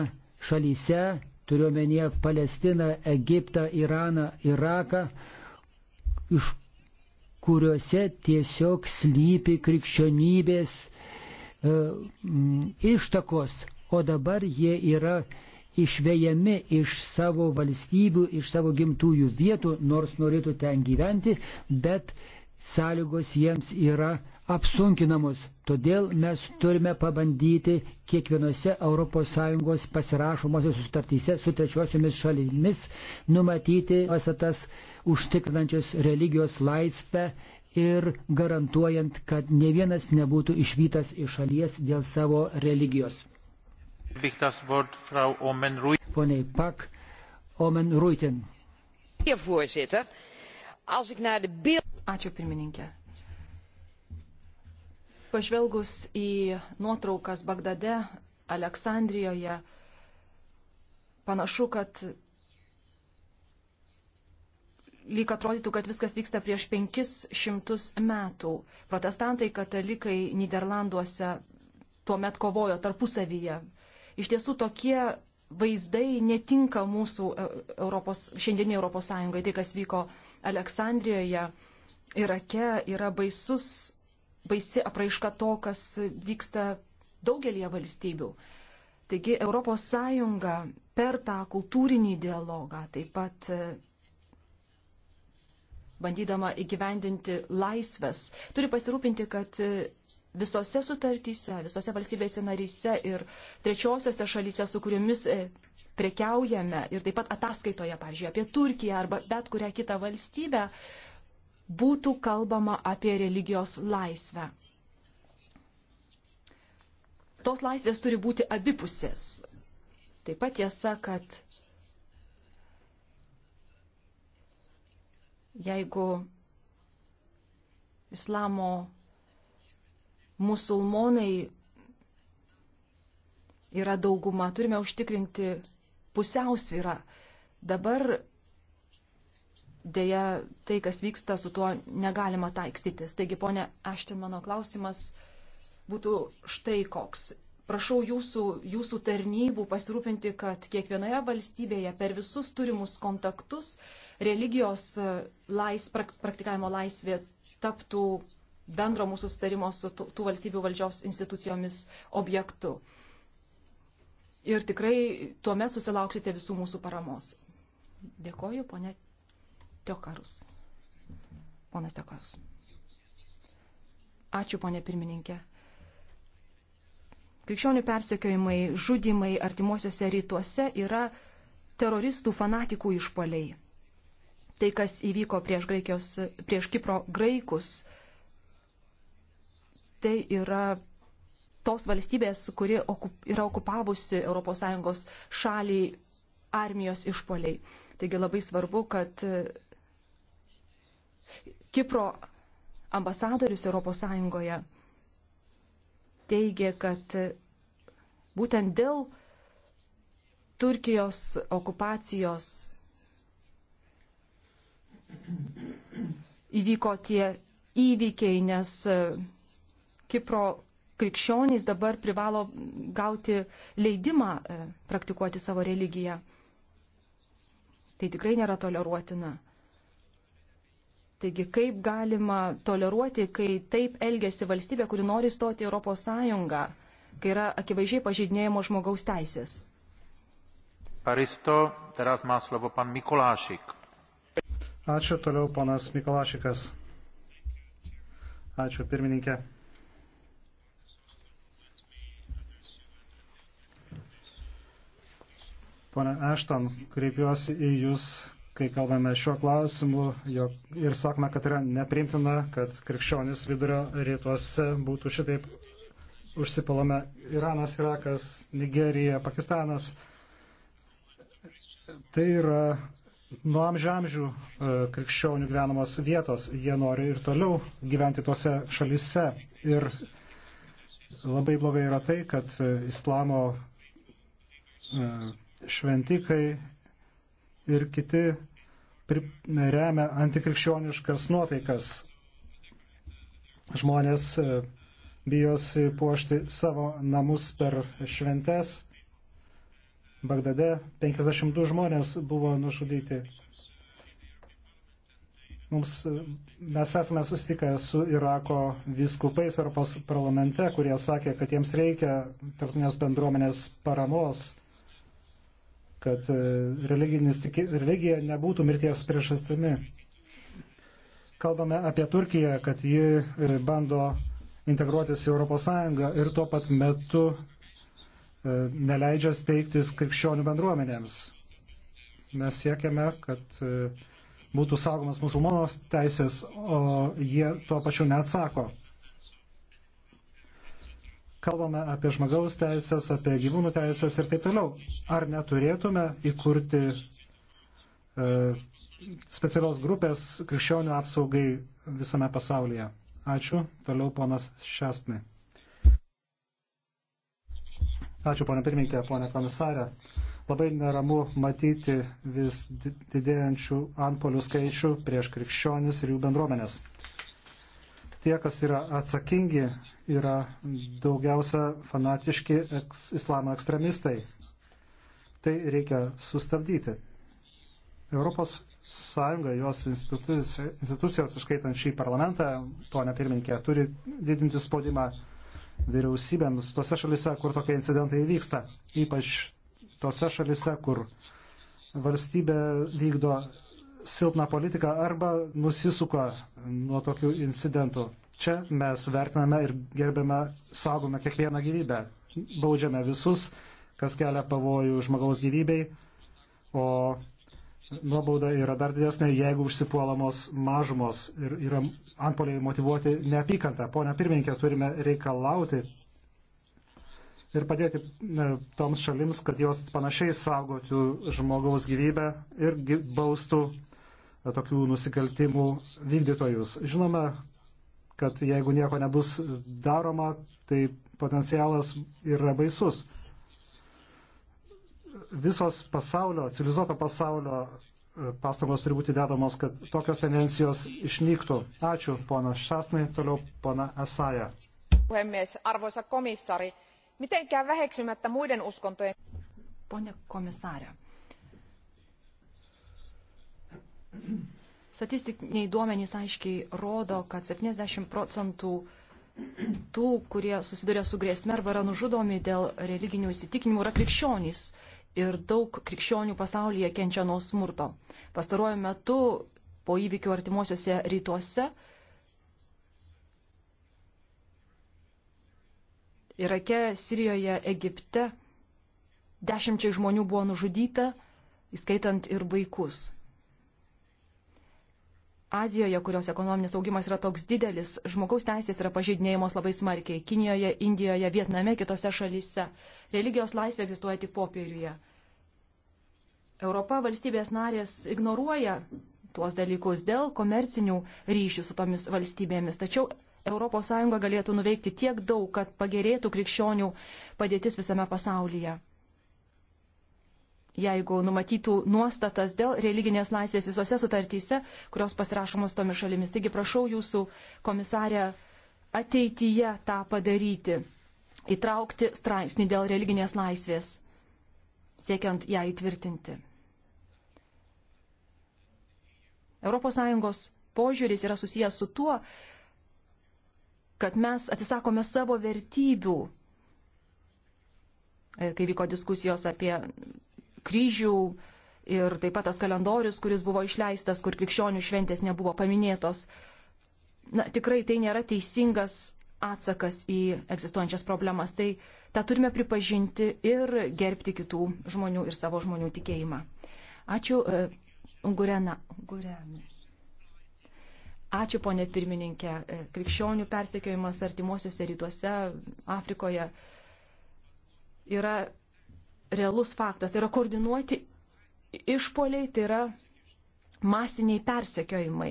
šalyse, turiuomenėje Palestiną, Egiptą, Iraną, Iraką, iš kuriuose tiesiog slypi krikščionybės e, ištakos, o dabar jie yra išvejami iš savo valstybių, iš savo gimtųjų vietų, nors norėtų ten gyventi, bet sąlygos jiems yra apsunkinamos. Todėl mes turime pabandyti kiekvienose ES pasirašomose sutartyse su trečiosiomis šalimis numatyti pasatas užtikrinančios religijos laisvę ir garantuojant, kad ne vienas nebūtų išvytas iš šalies dėl savo religijos. Pone Pak, Omen Ruiten. Ačiū pirmininkė. Pažvelgus į nuotraukas Bagdade, Aleksandrijoje, panašu, kad lyg atrodytų, kad viskas vyksta prieš 500 metų. Protestantai, katalikai Niderlanduose tuo met kovojo tarpusavyje, Iš tiesų tokie vaizdai netinka mūsų e, Europos, šiandienį Europos Sąjungai. Tai, kas vyko Aleksandrijoje, Irake, yra baisus, baisi apraiška to, kas vyksta daugelie valstybių. Taigi Europos Sąjunga per tą kultūrinį dialogą taip pat e, bandydama įgyvendinti laisvės, turi pasirūpinti, kad e, visose sutartyse, visose valstybėse naryse ir trečiosiose šalyse, su kuriomis e, prekiaujame ir taip pat ataskaitoje, pavyzdžiui, apie Turkiją arba bet kurią kitą valstybę, būtų kalbama apie religijos laisvę. Tos laisvės turi būti abipusės. Taip pat tiesa, kad jeigu islamo musulmonai yra dauguma, turime užtikrinti pusiausvyrą. Dabar dėja tai, kas vyksta, su tuo negalima taikstytis. Taigi, ponė Aštin, mano klausimas būtų štai koks. Prašau jūsų, jūsų tarnybų pasirūpinti, kad kiekvienoje valstybėje per visus turimus kontaktus religijos lais, praktikavimo laisvė taptų bendro mūsų sutarimo su tų valstybių valdžios institucijomis objektu. Ir tikrai tuomet susilauksite visų mūsų paramos. Dėkoju, ponė Tiokarus. Ponas Tiokarus. Ačiū, ponė pirmininkė. Krikščionių persekiojimai, žudimai artimuosiuose rytuose yra teroristų fanatikų išpoliai. Tai, kas įvyko prieš, Graikijos, prieš Kipro graikus, tai yra tos valstybės, kuri okup, yra okupavusi ES šalį armijos išpoliai. Taigi labai svarbu, kad Kipro ambasadorius ES teigia, kad būtent dėl Turkijos okupacijos įvyko tie įvykiai, nes Kipro krikščionys dabar privalo gauti leidimą e, praktikuoti savo religiją. Tai tikrai nėra toleruotina. Taigi, kaip galima toleruoti, kai taip elgesi valstybė, kuri nori stoti Europos Sąjungą, kai yra akivaizdžiai pažydinėjimo žmogaus teisės? Paristo, teraz má slovo pan Mikulášik. Ačiū toliau, panas Mikolašikas. Ačiū pirmininkė. Pone Ešton, kreipiuosi į Jūs, kai kalbame šiuo klausimu jog, ir sakome, kad yra nepriimtina, kad krikščionis vidurio rytuose būtų šitaip užsipalome Iranas, Irakas, Nigerija, Pakistanas. Tai yra nuo amžiamžių e, krikščionių gyvenamos vietos, jie nori ir toliau gyventi tuose šalise. Ir labai blogai yra tai, kad e, islamo e, šventikai ir kiti remia antikrikščioniškas nuotaikas. Žmonės e, bijosi puošti savo namus per šventes. Bagdade 52 žmonės buvo nužudyti. Mums, e, mes esame susitikę su Irako vyskupais Europos parlamente, kurie sakė, kad jiems reikia tarptautinės bendruomenės paramos kad e, religija nebūtų mirties priežastimi. Kalbame apie Turkiją, kad ji e, bando integruotis į ES ir tuo pat metu e, neleidžia steigtis krikščionių bendruomenėms. Mes siekiame, kad būtų saugomas musulmonos teisės, o jie tuo pačiu neatsako kalbame apie žmogaus teisės, apie gyvūnų teisės ir taip toliau. Ar neturėtume įkurti e, specialios grupės krikščionių apsaugai visame pasaulyje? Ačiū. Toliau ponas Šestnai. Ačiū, ponė pirmininkė, ponė komisarė. Labai neramu matyti vis didėjančių antpolių skaičių prieš krikščionis ir jų bendruomenės. Tie, kas yra atsakingi, yra daugiausia fanatiški eks, islamo ekstremistai. Tai reikia sustabdyti. Europos Sąjunga, jos institucijos, institucijos iškaitant šį parlamentą, ponia pirmininkė, turi didinti spaudimą vyriausybėms tose šalise, kur tokie incidentai vyksta, ypač tose šalise, kur valstybė vykdo silpną politiką arba nusisuka nuo tokių incidentų. Čia mes vertiname ir gerbėme, saugome kiekvieną gyvybę, baudžiame visus, kas kelia pavojų žmogaus gyvybei, o nuobauda yra dar didesnė, jeigu užsipuolamos mažumos ir yra antpoliai motivuoti neapykantą. Pone pirmininkė, turime reikalauti, ir padėti toms šalims, kad jos panašiai saugotų žmogaus gyvybę ir baustų e, tokių nusikaltimų vykdytojus. Žinome, kad jeigu nieko nebus daroma, tai potencialas yra baisus. Visos pasaulio, civilizuoto pasaulio e, pastangos turi būti dedamos, kad tokios tendencijos išnyktų. Ačiū, pona Šasnai, toliau pona Asaja. Puhemies, arvoisa komisari, mitenkään väheksymättä muiden uskontojen. Pone komisarė. Statistiniai duomenys aiškiai rodo, kad 70 procentų tų, kurie susiduria su grėsme arba yra nužudomi dėl religinių įsitikinimų, yra krikščionys. Ir daug krikščionių pasaulyje kenčia nuo smurto. Pastaruoju metu po įvykių artimuosiuose rytuose Irake, Sirijoje, Egipte dešimčiai žmonių buvo nužudyta, įskaitant ir vaikus. Azijoje, kurios ekonominis augimas yra toks didelis, žmogaus teisės yra pažeidinėjimos labai smarkiai - Kinijoje, Indijoje, Vietname, kitose šalyse. Religijos laisvė egzistuoja tik popieriuje. Europa valstybės narės ignoruoja tuos dalykus dėl komercinių ryšių su tomis valstybėmis. Tačiau ES galėtų nuveikti tiek daug, kad pagerėtų krikščionių padėtis visame pasaulyje. Jeigu numatytų nuostatas dėl religinės laisvės visose sutartyse, kurios pasirašomos tomis šalimis. Taigi prašau jūsų, komisarė, ateityje tą padaryti, įtraukti straipsnį dėl religinės laisvės, siekiant ją įtvirtinti. ES požiūris yra susijęs su tuo, kad mes atsisakome savo vertybių, e, kai vyko diskusijos apie kryžių ir taip pat tas kalendorius, kuris buvo išleistas, kur krikščionių šventės nebuvo paminėtos. Na, tikrai tai nėra teisingas atsakas į egzistuojančias problemas. Tai tą turime pripažinti ir gerbti kitų žmonių ir savo žmonių tikėjimą. Ačiū. Uh, Ungurena. Ungurena. Ačiū, ponė pirmininkė. E, krikščionių persekiojimas artimuosiuose rytuose, Afrikoje yra realus faktas. Tai yra koordinuoti išpoliai, tai yra masiniai persekiojimai.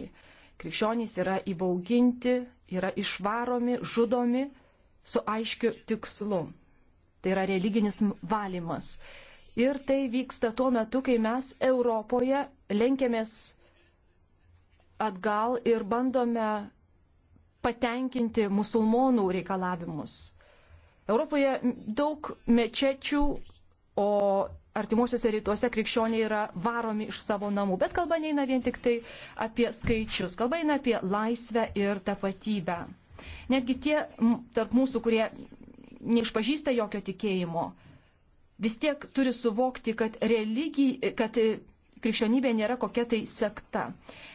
Krikščionys yra įbauginti, yra išvaromi, žudomi su aiškiu tikslu. Tai yra religinis valymas. Ir tai vyksta tuo metu, kai mes Europoje lenkėmės atgal ir bandome patenkinti musulmonų reikalavimus. Europoje daug mečečių, o artimuosiuose rytuose krikščioniai yra varomi iš savo namų. Bet kalba neina vien tik tai apie skaičius, kalba eina apie laisvę ir tapatybę. Netgi tie tarp mūsų, kurie neišpažįsta jokio tikėjimo, vis tiek turi suvokti, kad, religij, kad krikščionybė nėra kokia tai sekta.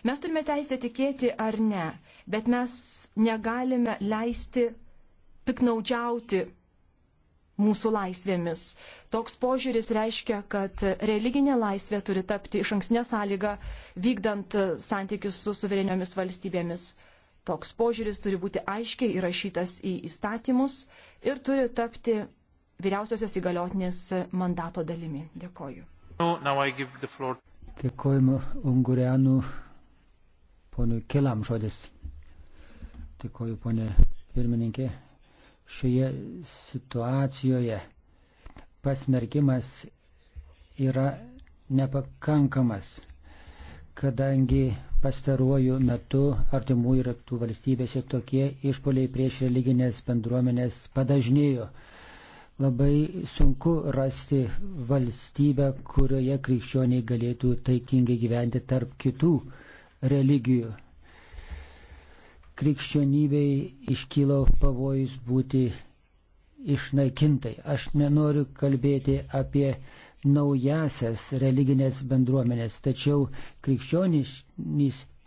Mes turime teisę tikėti ar ne, bet mes negalime leisti piknaudžiauti mūsų laisvėmis. Toks požiūris reiškia, kad religinė laisvė turi tapti iš anksnė sąlyga vykdant santykius su suvereniomis valstybėmis. Toks požiūris turi būti aiškiai įrašytas į įstatymus ir turi tapti vyriausiosios įgaliotinės mandato dalimi. Dėkoju. No, Dėkojame Ungurianų ponui Kelam žodis. Dėkoju, ponė pirmininkė. Šioje situacijoje pasmerkimas yra nepakankamas, kadangi pastaruoju metu artimųjų rytų valstybėse tokie išpoliai prieš religinės bendruomenės padažnėjo. Labai sunku rasti valstybę, kurioje krikščioniai galėtų taikingai gyventi tarp kitų religijų. Krikščionybei iškilo pavojus būti išnaikintai. Aš nenoriu kalbėti apie naujasias religinės bendruomenės, tačiau krikščionys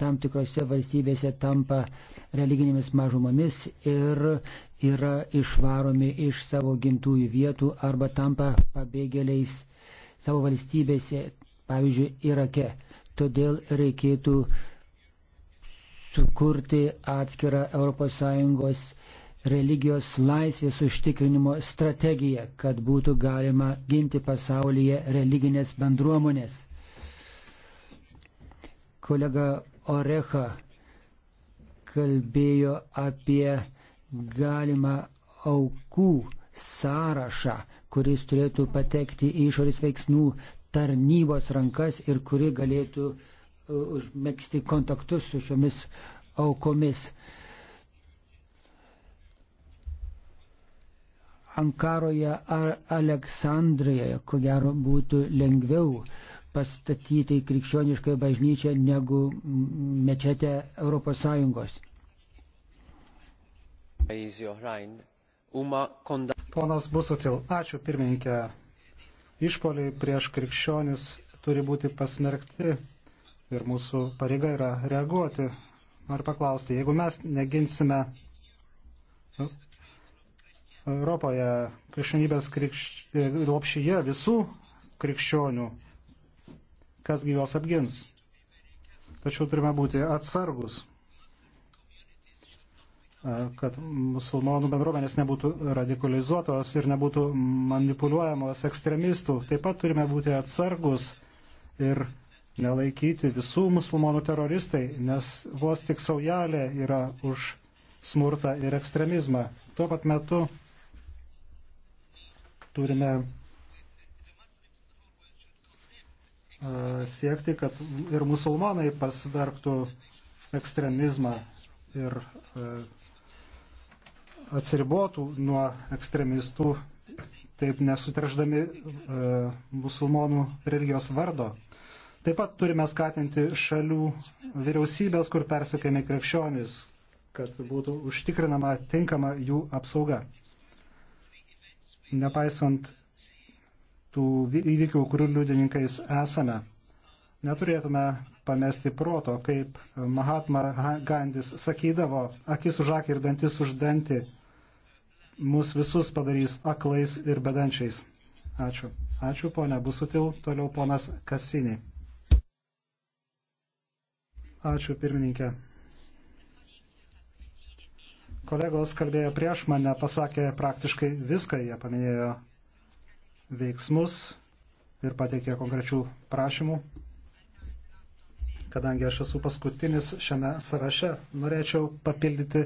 tam tikrose valstybėse tampa religinėmis mažumomis ir yra išvaromi iš savo gimtųjų vietų arba tampa pabėgėliais savo valstybėse, pavyzdžiui, Irake. Todėl reikėtų sukurti atskirą ES religijos laisvės užtikrinimo strategiją, kad būtų galima ginti pasaulyje religinės bendruomonės. Kolega Orecha kalbėjo apie galimą aukų sąrašą, kuris turėtų patekti į išorės veiksmų tarnybos rankas ir kuri galėtų uh, užmėgsti kontaktus su šiomis aukomis. Ankaroje ar Aleksandrijoje, ko gero, būtų lengviau uh, pastatyti krikščionišką bažnyčią negu mečetę ES. Ponas Busutil, ačiū pirmininkė. Išpoliai prieš krikščionis turi būti pasmerkti ir mūsų pareiga yra reaguoti. Noriu paklausti, jeigu mes neginsime nu, Europoje krikščionybės krikš... lopšyje visų krikščionių, kasgi juos apgins. Tačiau turime būti atsargus, kad musulmonų bendruomenės nebūtų radikalizuotos ir nebūtų manipuliuojamos ekstremistų. Taip pat turime būti atsargus ir nelaikyti visų musulmonų teroristai, nes vos tik saujelė yra už smurtą ir ekstremizmą. Tuo pat metu turime E, siekti, kad ir musulmonai pasvergtų ekstremizmą ir e, atsiribotų nuo ekstremistų, taip nesutrždami e, musulmonų religijos vardo. Taip pat turime skatinti šalių vyriausybės, kur persikėmė krikščionis, kad būtų užtikrinama tinkama jų apsauga. Nepaisant tų įvykių, kurių liudininkais esame. Neturėtume pamesti proto, kaip Mahatma Gandis sakydavo, akis už akį ir dantis už dantį mus visus padarys aklais ir bedančiais. Ačiū. Ačiū, ponia Busutil. Toliau ponas Kasinį. Ačiū, pirmininkė. Kolegos kalbėjo prieš mane, pasakė praktiškai viską, jie paminėjo veiksmus ir pateikė konkrečių prašymų. Kadangi aš esu paskutinis šiame sąraše, norėčiau papildyti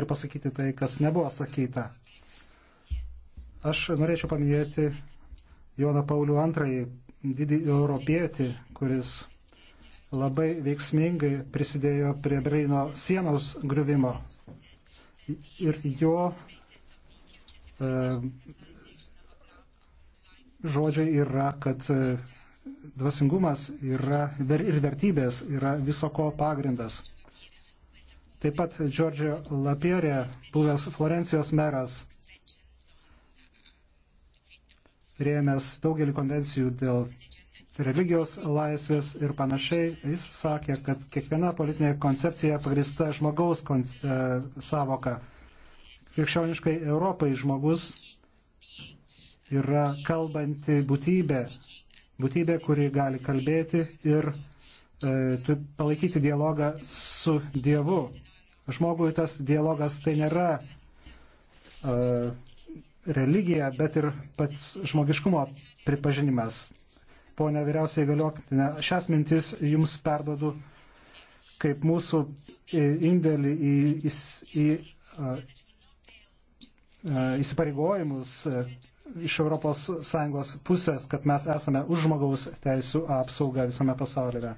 ir pasakyti tai, kas nebuvo sakyta. Aš norėčiau paminėti Joną Paulių II, didį europietį, kuris labai veiksmingai prisidėjo prie Breino sienos griuvimo. Ir jo e, žodžiai yra, kad e, dvasingumas yra, ir vertybės yra visoko pagrindas. Taip pat Giorgio Lapierė, buvęs Florencijos meras, rėmęs daugelį konvencijų dėl religijos laisvės ir panašiai, jis sakė, kad kiekviena politinė koncepcija pagrista žmogaus konce e, savoka. Krikščioniškai Europai žmogus yra kalbanti būtybė, būtybė, kuri gali kalbėti ir e, palaikyti dialogą su Dievu. Žmogui tas dialogas tai nėra e, religija, bet ir pats žmogiškumo pripažinimas. Pone vyriausiai galiokinė, šias mintis jums perdodu kaip mūsų e, indėlį į, į, į, į įsipareigojimus iš ES pusės, kad mes esame už žmogaus teisų apsaugą visame pasaulyje.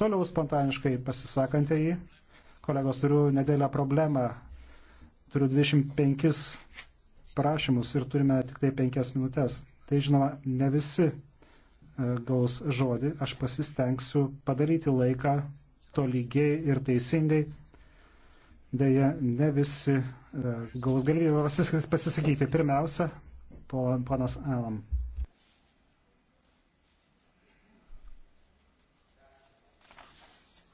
Toliau spontaniškai pasisakantieji, kolegos, turiu nedėlę problemą, turiu 25 prašymus ir turime tik tai 5 minutės. Tai žinoma, ne visi e, gaus žodį, aš pasistengsiu padaryti laiką tolygiai ir teisingai. Deja, ne visi e, gaus galimybę pasisakyti. Pirmiausia, ponas Alam.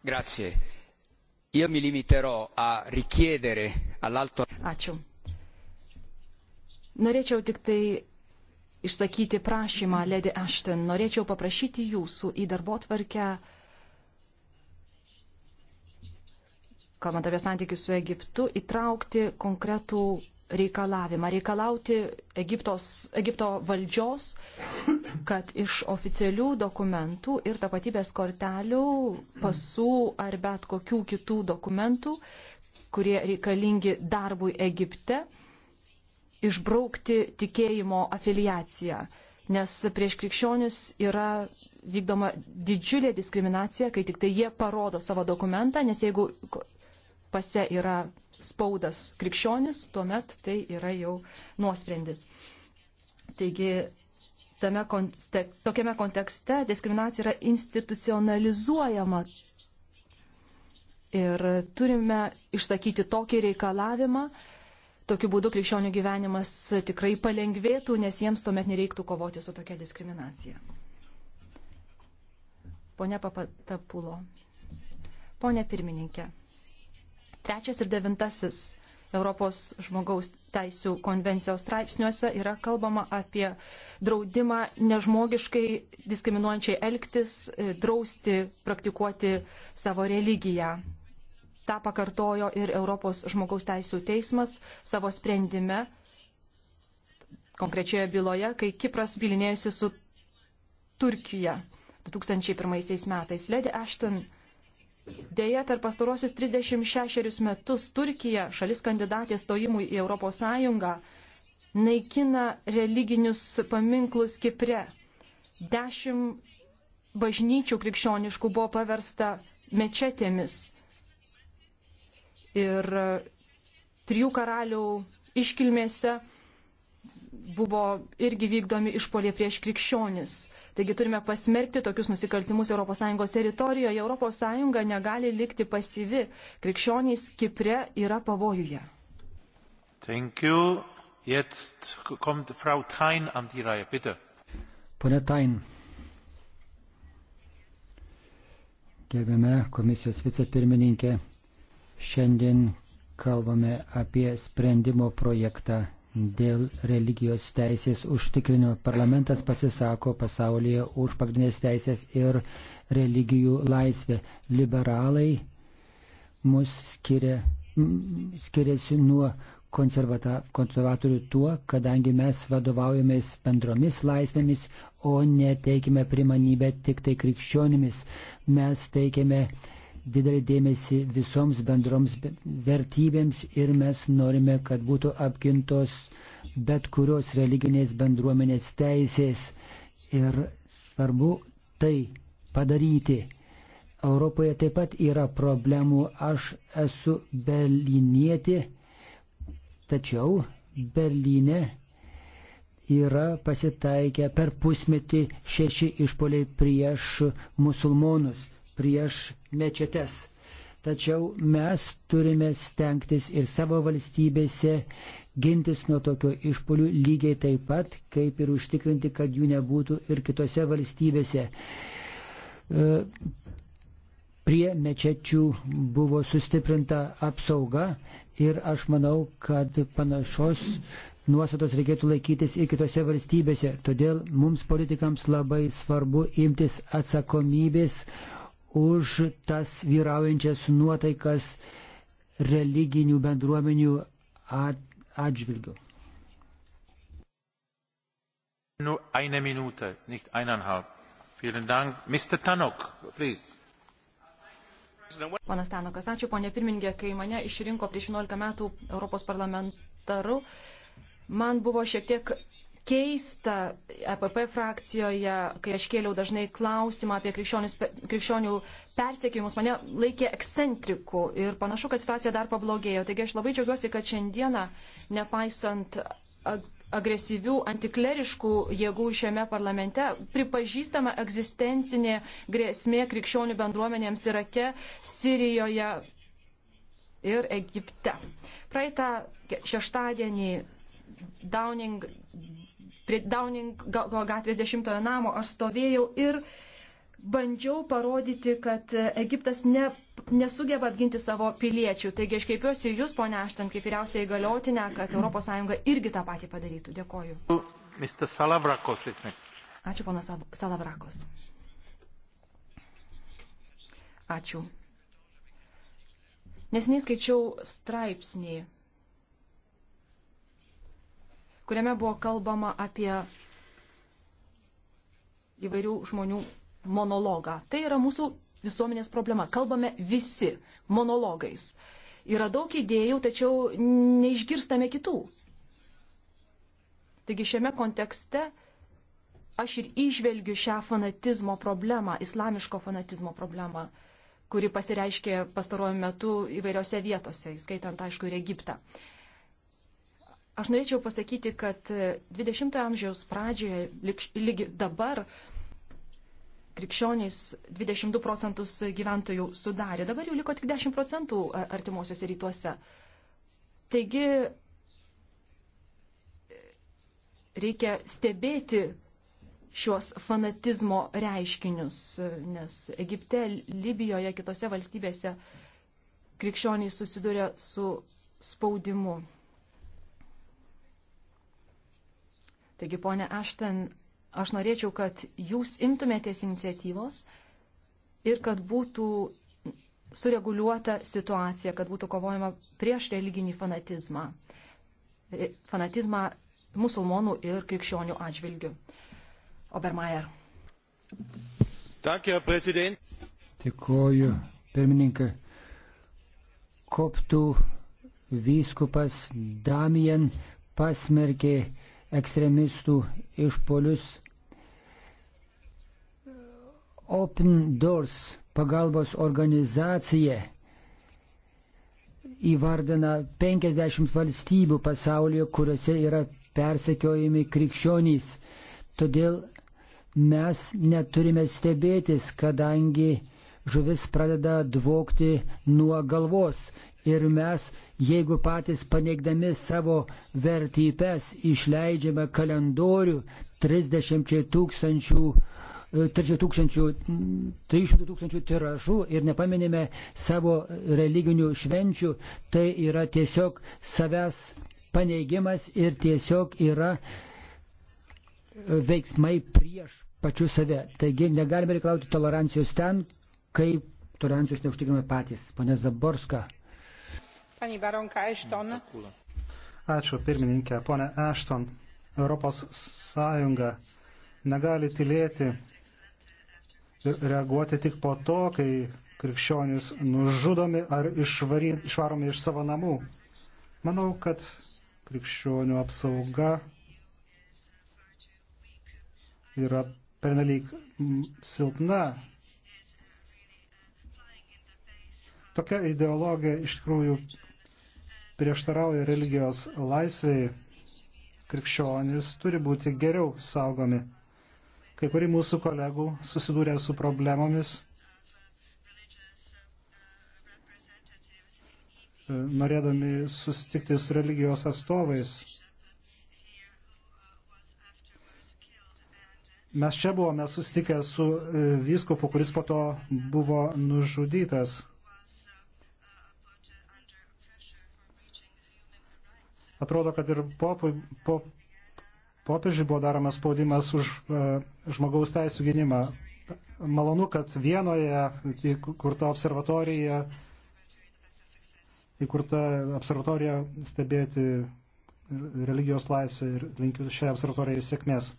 Grazie. Io mi limiterò a richiedere all'alto. Ačiū. Norėčiau tik tai išsakyti prašymą, Lady Ashton, norėčiau paprašyti jūsų į darbo tvarkę, kalbant apie santykius su Egiptu, įtraukti konkretų reikalavimą, reikalauti Egiptos, Egipto valdžios, kad iš oficialių dokumentų ir tapatybės kortelių, pasų ar bet kokių kitų dokumentų, kurie reikalingi darbui Egipte, išbraukti tikėjimo afiliaciją. Nes prieš krikščionius yra vykdoma didžiulė diskriminacija, kai tik tai jie parodo savo dokumentą, nes jeigu pase yra spaudas krikščionis, tuomet tai yra jau nuosprendis. Taigi, tame kontek tokiame kontekste diskriminacija yra institucionalizuojama. Ir turime išsakyti tokį reikalavimą, tokiu būdu krikščionių gyvenimas tikrai palengvėtų, nes jiems tuomet nereiktų kovoti su tokia diskriminacija. Pone Papatapulo. Pone pirmininkė, trečias ir devintasis Europos žmogaus teisų konvencijos straipsniuose yra kalbama apie draudimą nežmogiškai diskriminuojančiai elgtis, e, drausti praktikuoti savo religiją. Ta pakartojo ir Europos žmogaus teisų teismas savo sprendime konkrečioje byloje, kai Kipras bilinėjusi su Turkija 2001 metais. Lady Ashton Deja, per pastarosius 36 metus Turkija, šalis kandidatė stojimui į ES, naikina religinius paminklus Kipre. Dešimt bažnyčių krikščioniškų buvo paversta mečetėmis. Ir e, trijų karalių iškilmėse buvo irgi vykdomi išpolė prieš krikščionis. Taigi turime pasmerkti tokius nusikaltimus ES teritorijoje. ES negali likti pasyvi. Krikščionys Kipre yra pavojuje. Pone Tain, gerbiame komisijos vicepirmininkė, šiandien kalbame apie sprendimo projektą dėl religijos teisės užtikrinimo. Parlamentas pasisako pasaulyje už pagrindinės teisės ir religijų laisvę. Liberalai mus skiria, skiriasi nuo konservatorių tuo, kadangi mes vadovaujamės bendromis laisvėmis, o neteikime primanybę tik tai krikščionimis. Mes teikime didelį dėmesį visoms bendroms vertybėms ir mes norime, kad būtų apgintos bet kurios religinės bendruomenės teisės. Ir svarbu tai padaryti. Europoje taip pat yra problemų. Aš esu berlinietė, tačiau Berlyne yra pasitaikę per pusmetį šeši išpoliai prieš musulmonus prieš mečetes. Tačiau mes turime stengtis ir savo valstybėse gintis nuo tokio išpolių lygiai taip pat, kaip ir užtikrinti, kad jų nebūtų ir kitose valstybėse. E, prie mečečių buvo sustiprinta apsauga ir aš manau, kad panašos nuostatos reikėtų laikytis ir kitose valstybėse. Todėl mums politikams labai svarbu imtis atsakomybės už tas vyraujančias nuotaikas religinių bendruomenių atžvilgių. Nur eine Minute, nicht eineinhalb. Vielen Dank. Mr. Tanok, please. Panas Tanokas, ačiū, ponė pirmingė, kai mane išrinko prieš 11 metų Europos parlamentaru, man buvo šiek tiek keista EPP frakcijoje, kai aš kėliau dažnai klausimą apie krikščionių persekiojimus, mane laikė ekscentriku ir panašu, kad situacija dar pablogėjo. Taigi aš labai džiaugiuosi, kad šiandieną, nepaisant agresyvių antikleriškų jėgų šiame parlamente, pripažįstama egzistencinė grėsmė krikščionių bendruomenėms Irake, Sirijoje ir Egipte. Praeitą šeštadienį Downing prie Downing gatvės dešimtojo namo aš stovėjau ir bandžiau parodyti, kad Egiptas ne, nesugeba apginti savo piliečių. Taigi aš kreipiuosi jūs, ponia Aštan, kaip vyriausiai įgaliotinę, kad ES irgi tą patį padarytų. Dėkoju. Ačiū, ponas Salavrakos. Ačiū. Nesiniai skaičiau straipsnį kuriame buvo kalbama apie įvairių žmonių monologą. Tai yra mūsų visuomenės problema. Kalbame visi monologais. Yra daug idėjų, tačiau neišgirstame kitų. Taigi šiame kontekste aš ir išvelgiu šią fanatizmo problemą, islamiško fanatizmo problemą, kuri pasireiškė pastaruoju metu įvairiose vietose, įskaitant, aišku, ir Egiptą. Uh, Aš norėčiau pasakyti, kad 20-ojo amžiaus pradžioje, lygi dabar, krikščionys 22 procentus gyventojų sudarė, dabar jų liko tik 10 procentų e, artimuosiuose rytuose. Taigi reikia stebėti šiuos fanatizmo reiškinius, nes Egipte, Libijoje, kitose valstybėse krikščionys susiduria su spaudimu. Taigi, ponė Ašten, aš norėčiau, kad jūs imtumėtės iniciatyvos ir kad būtų sureguliuota situacija, kad būtų kovojama prieš religinį fanatizmą. Fanatizmą musulmonų ir krikščionių atžvilgių. Obermeier. Danke, Herr Präsident. Dėkuoju, pirmininkai. Koptų vyskupas Damien pasmerkė ekstremistų išpolius. Open Doors pagalbos organizacija įvardina 50 valstybių pasaulyje, kuriuose yra persekiojami krikščionys. Todėl mes neturime stebėtis, kadangi žuvis pradeda dvokti nuo galvos ir mes, jeigu patys paneigdami savo vertybės išleidžiame kalendorių 30 tūkstančių 300 e, tūkstančių, 300 tūkstančių tiražų ir nepaminime savo religinių švenčių, tai yra tiesiog savęs paneigimas ir tiesiog yra veiksmai prieš pačių save. Taigi negalime reikalauti tolerancijos ten, kai tolerancijos neužtikriname patys. Pane Zaborska. Pani baronka Ešton. Ačiū pirmininkė. Pone Ešton, Europos Sąjunga negali tylėti ir reaguoti tik po to, kai krikščionys nužudomi ar išvary, išvaromi iš savo namų. Manau, kad krikščionių apsauga yra pernelyg silpna. Tokia ideologija iš tikrųjų prieštarauja religijos laisvėjai, krikščionys turi būti geriau saugomi. Kai kuri mūsų kolegų susidūrė su problemomis, norėdami susitikti su religijos atstovais. Mes čia buvome susitikę su e, vyskupu, kuris po to buvo nužudytas. Atrodo, kad ir popiežiui po, po buvo daromas spaudimas už uh, žmogaus teisų gynimą. Malonu, kad Vienoje įkurta observatorija, įkurta observatorija stebėti religijos laisvę ir linkiu šiai observatorijai sėkmės.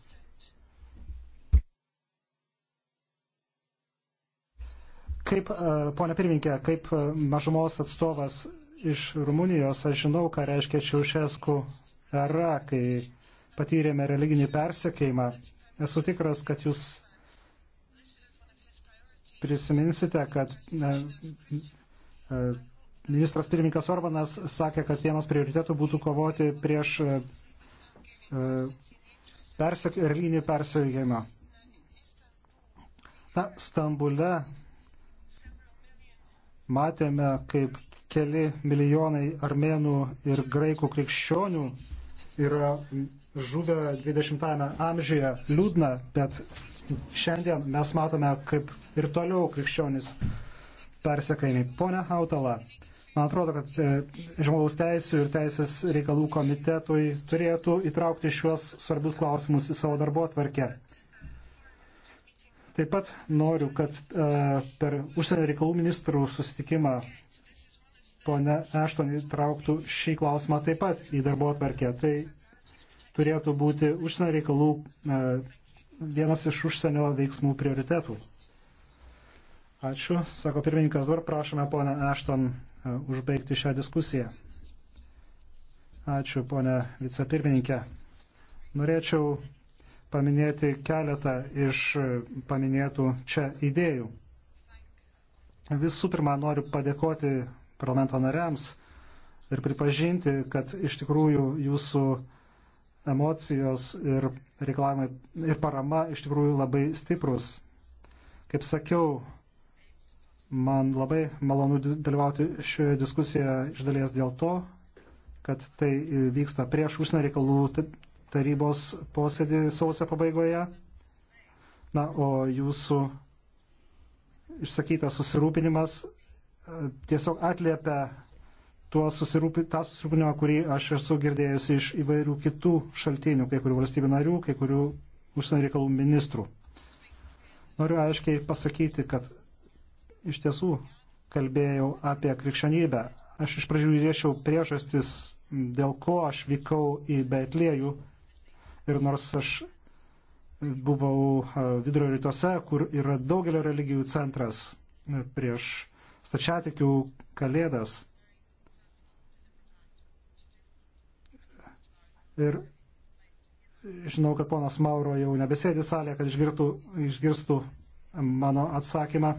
Kaip, e, ponia pirminkė, kaip e, mažumos atstovas iš Rumunijos, aš žinau, ką reiškia Čiaušesku era, kai patyrėme religinį persekėjimą. Esu tikras, kad jūs prisiminsite, kad ne, ministras pirmininkas Orbanas sakė, kad vienas prioritėtų būtų kovoti prieš e, e, persek, religinį persekėjimą. Na, Stambule matėme, kaip keli milijonai armėnų ir graikų krikščionių yra žuvę 20-ame amžiuje. Liūdna, bet šiandien mes matome, kaip ir toliau krikščionis persekaimi. Pone Hautala, man atrodo, kad e, žmogaus teisų ir teisės reikalų komitetui turėtų įtraukti šiuos svarbius klausimus į savo darbo atvarkę. Taip pat noriu, kad e, per užsienio reikalų ministrų susitikimą pone Ešton įtrauktų šį klausimą taip pat į darbo atvarkę. Tai turėtų būti užsienio reikalų e, vienas iš užsienio veiksmų prioritetų. Ačiū. Sako pirmininkas, dabar prašome ponę Ešton e, užbaigti šią diskusiją. Ačiū, ponė vicepirmininkė. Norėčiau paminėti keletą iš e, paminėtų čia idėjų. Visų pirma, noriu padėkoti parlamento nariams ir pripažinti, kad iš tikrųjų jūsų emocijos ir reikalavimai ir parama iš tikrųjų labai stiprus. Kaip sakiau, man labai malonu dalyvauti šioje diskusijoje iš dalies dėl to, kad tai vyksta prieš užsienio reikalų tarybos posėdį sausio pabaigoje. Na, o jūsų išsakytas susirūpinimas tiesiog atliepia tuos susirūpi, tą susirūpinimą, kurį aš esu girdėjusi iš įvairių kitų šaltinių, kai kurių valstybių narių, kai kurių užsienio reikalų ministrų. Noriu aiškiai pasakyti, kad iš tiesų kalbėjau apie krikščionybę. Aš iš pradžių įriešiau priežastis, dėl ko aš vykau į Betlėjų ir nors aš buvau vidurio rytuose, kur yra daugelio religijų centras prieš stačiatikių kalėdas. Ir žinau, kad ponas Mauro jau nebesėdi salėje, kad išgirtų, išgirstų mano atsakymą.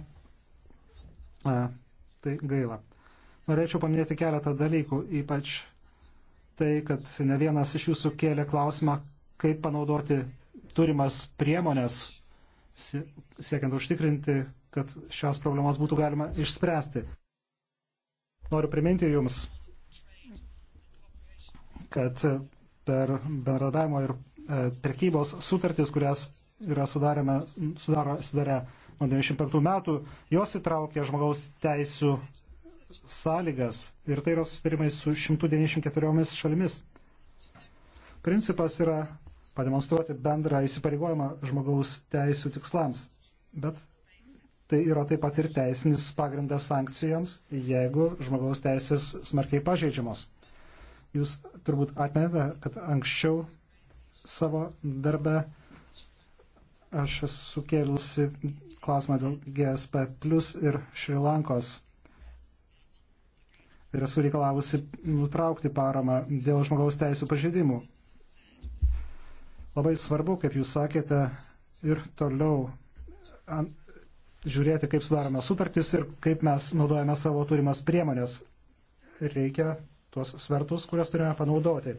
A, tai gaila. Norėčiau paminėti keletą dalykų, ypač tai, kad ne vienas iš jūsų kėlė klausimą, kaip panaudoti turimas priemonės siekiant užtikrinti, kad šias problemas būtų galima išspręsti. Noriu priminti Jums, kad per bendradavimo ir e, prekybos sutartis, kurias yra sudarėme, sudaro, sudarė nuo 95 metų, jos įtraukė žmogaus teisų sąlygas ir tai yra susitarimai su 194 šalimis. Principas yra pademonstruoti bendrą įsipareigojimą žmogaus teisų tikslams, bet tai yra taip pat ir teisinis pagrindas sankcijoms, jeigu žmogaus teisės smarkiai pažeidžiamos. Jūs turbūt atmenate, kad anksčiau savo darbe aš esu kėlusi klausimą dėl GSP plus ir Šrilankos ir esu reikalavusi nutraukti paramą dėl žmogaus teisų pažeidimų. Labai svarbu, kaip jūs sakėte, ir toliau žiūrėti, kaip sudarome sutartis ir kaip mes naudojame savo turimas priemonės. Reikia tuos svertus, kurias turime panaudoti.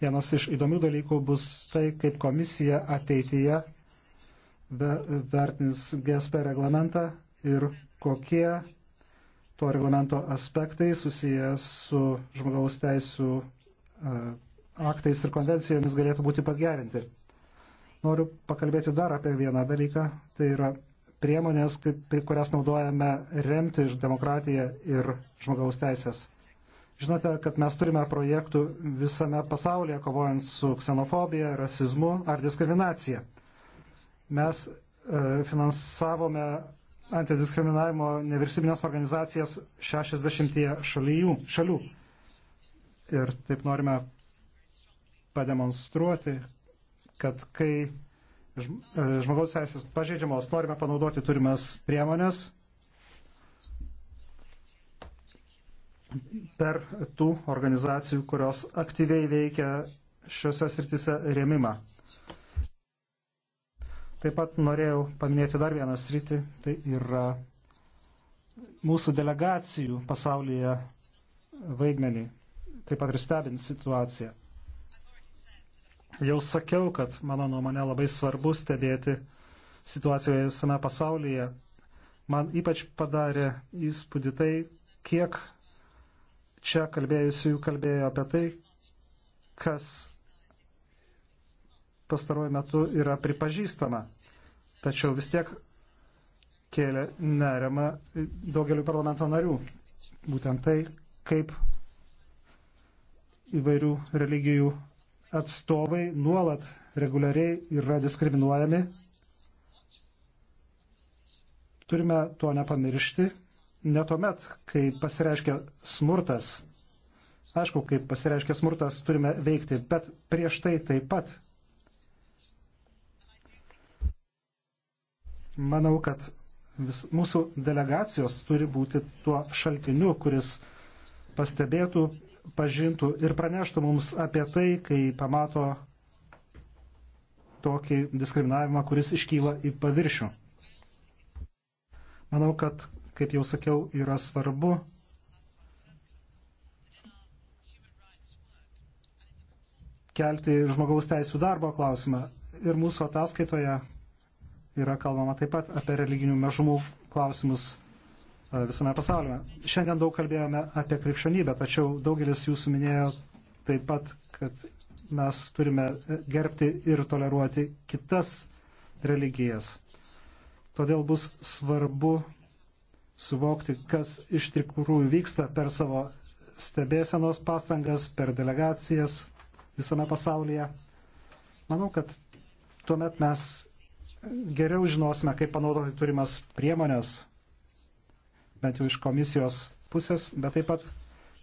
Vienas iš įdomių dalykų bus tai, kaip komisija ateityje vertins GSP reglamentą ir kokie to reglamento aspektai susiję su žmogaus teisų e, aktais ir konvencijomis galėtų būti pagerinti. Noriu pakalbėti dar apie vieną dalyką, tai yra priemonės, kaip, kurias naudojame remti iš demokratiją ir žmogaus teisės. Žinote, kad mes turime projektų visame pasaulyje, kovojant su ksenofobija, rasizmu ar diskriminacija. Mes e, finansavome antidiskriminavimo nevyriausybinės organizacijas 60 šalyjų, šalių. Ir taip norime pademonstruoti, kad kai e, žmogaus teisės pažeidžiamos, norime panaudoti turimas priemonės per tų organizacijų, kurios aktyviai veikia šiuose srityse rėmimą. Taip pat norėjau paminėti dar vieną sritį, tai yra mūsų delegacijų pasaulyje vaidmenį, taip pat ir stebint situaciją. Jau sakiau, kad mano nuomonė labai svarbu stebėti situacijoje visame pasaulyje. Man ypač padarė įspūdį tai, kiek čia kalbėjusių kalbėjo apie tai, kas pastaruoju metu yra pripažįstama. Tačiau vis tiek kėlė nerima daugeliu parlamento narių. Būtent tai, kaip įvairių religijų atstovai nuolat reguliariai yra diskriminuojami. Turime to nepamiršti, netomet, kai pasireiškia smurtas. Aišku, kai pasireiškia smurtas, turime veikti, bet prieš tai taip pat. Manau, kad vis, mūsų delegacijos turi būti tuo šaltiniu, kuris pastebėtų pažintų ir praneštų mums apie tai, kai pamato tokį diskriminavimą, kuris iškyla į paviršių. Manau, kad, kaip jau sakiau, yra svarbu kelti žmogaus teisų darbo klausimą. Ir mūsų ataskaitoje yra kalbama taip pat apie religinių mažumų klausimus E, visame pasaulyje. Šiandien daug kalbėjome apie krikščionybę, tačiau daugelis jūsų minėjo taip pat, kad mes turime gerbti ir toleruoti kitas religijas. Todėl bus svarbu suvokti, kas iš tikrųjų vyksta per savo stebėsenos pastangas, per delegacijas visame pasaulyje. Manau, kad tuomet mes geriau žinosime, kaip panaudoti turimas priemonės, bent jau iš komisijos pusės, bet taip pat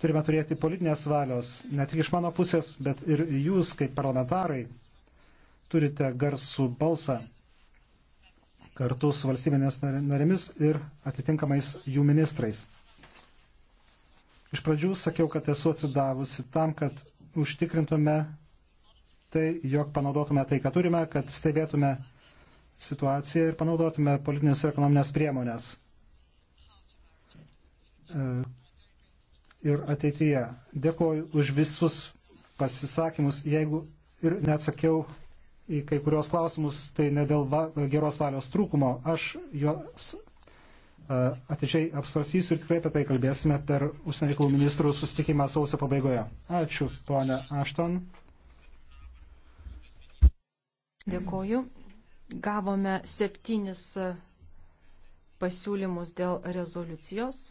turime turėti politinės valios, ne tik iš mano pusės, bet ir jūs kaip parlamentarai turite garsų balsą kartu su valstybinės narėmis ir atitinkamais jų ministrais. Iš pradžių sakiau, kad esu atsidavusi tam, kad užtikrintume tai, jog panaudotume tai, ką turime, kad stebėtume situaciją ir panaudotume politinės ir ekonominės priemonės. E, ir ateityje. Dėkoju už visus pasisakymus. Jeigu ir neatsakiau į kai kurios klausimus, tai ne dėl va, geros valios trūkumo. Aš juos e, atidžiai apsvarstysiu ir tikrai apie tai kalbėsime per užsienio reikalų ministrų susitikimą sausio pabaigoje. Ačiū, ponė Ašton. Dėkoju. Gavome septynis pasiūlymus dėl rezoliucijos.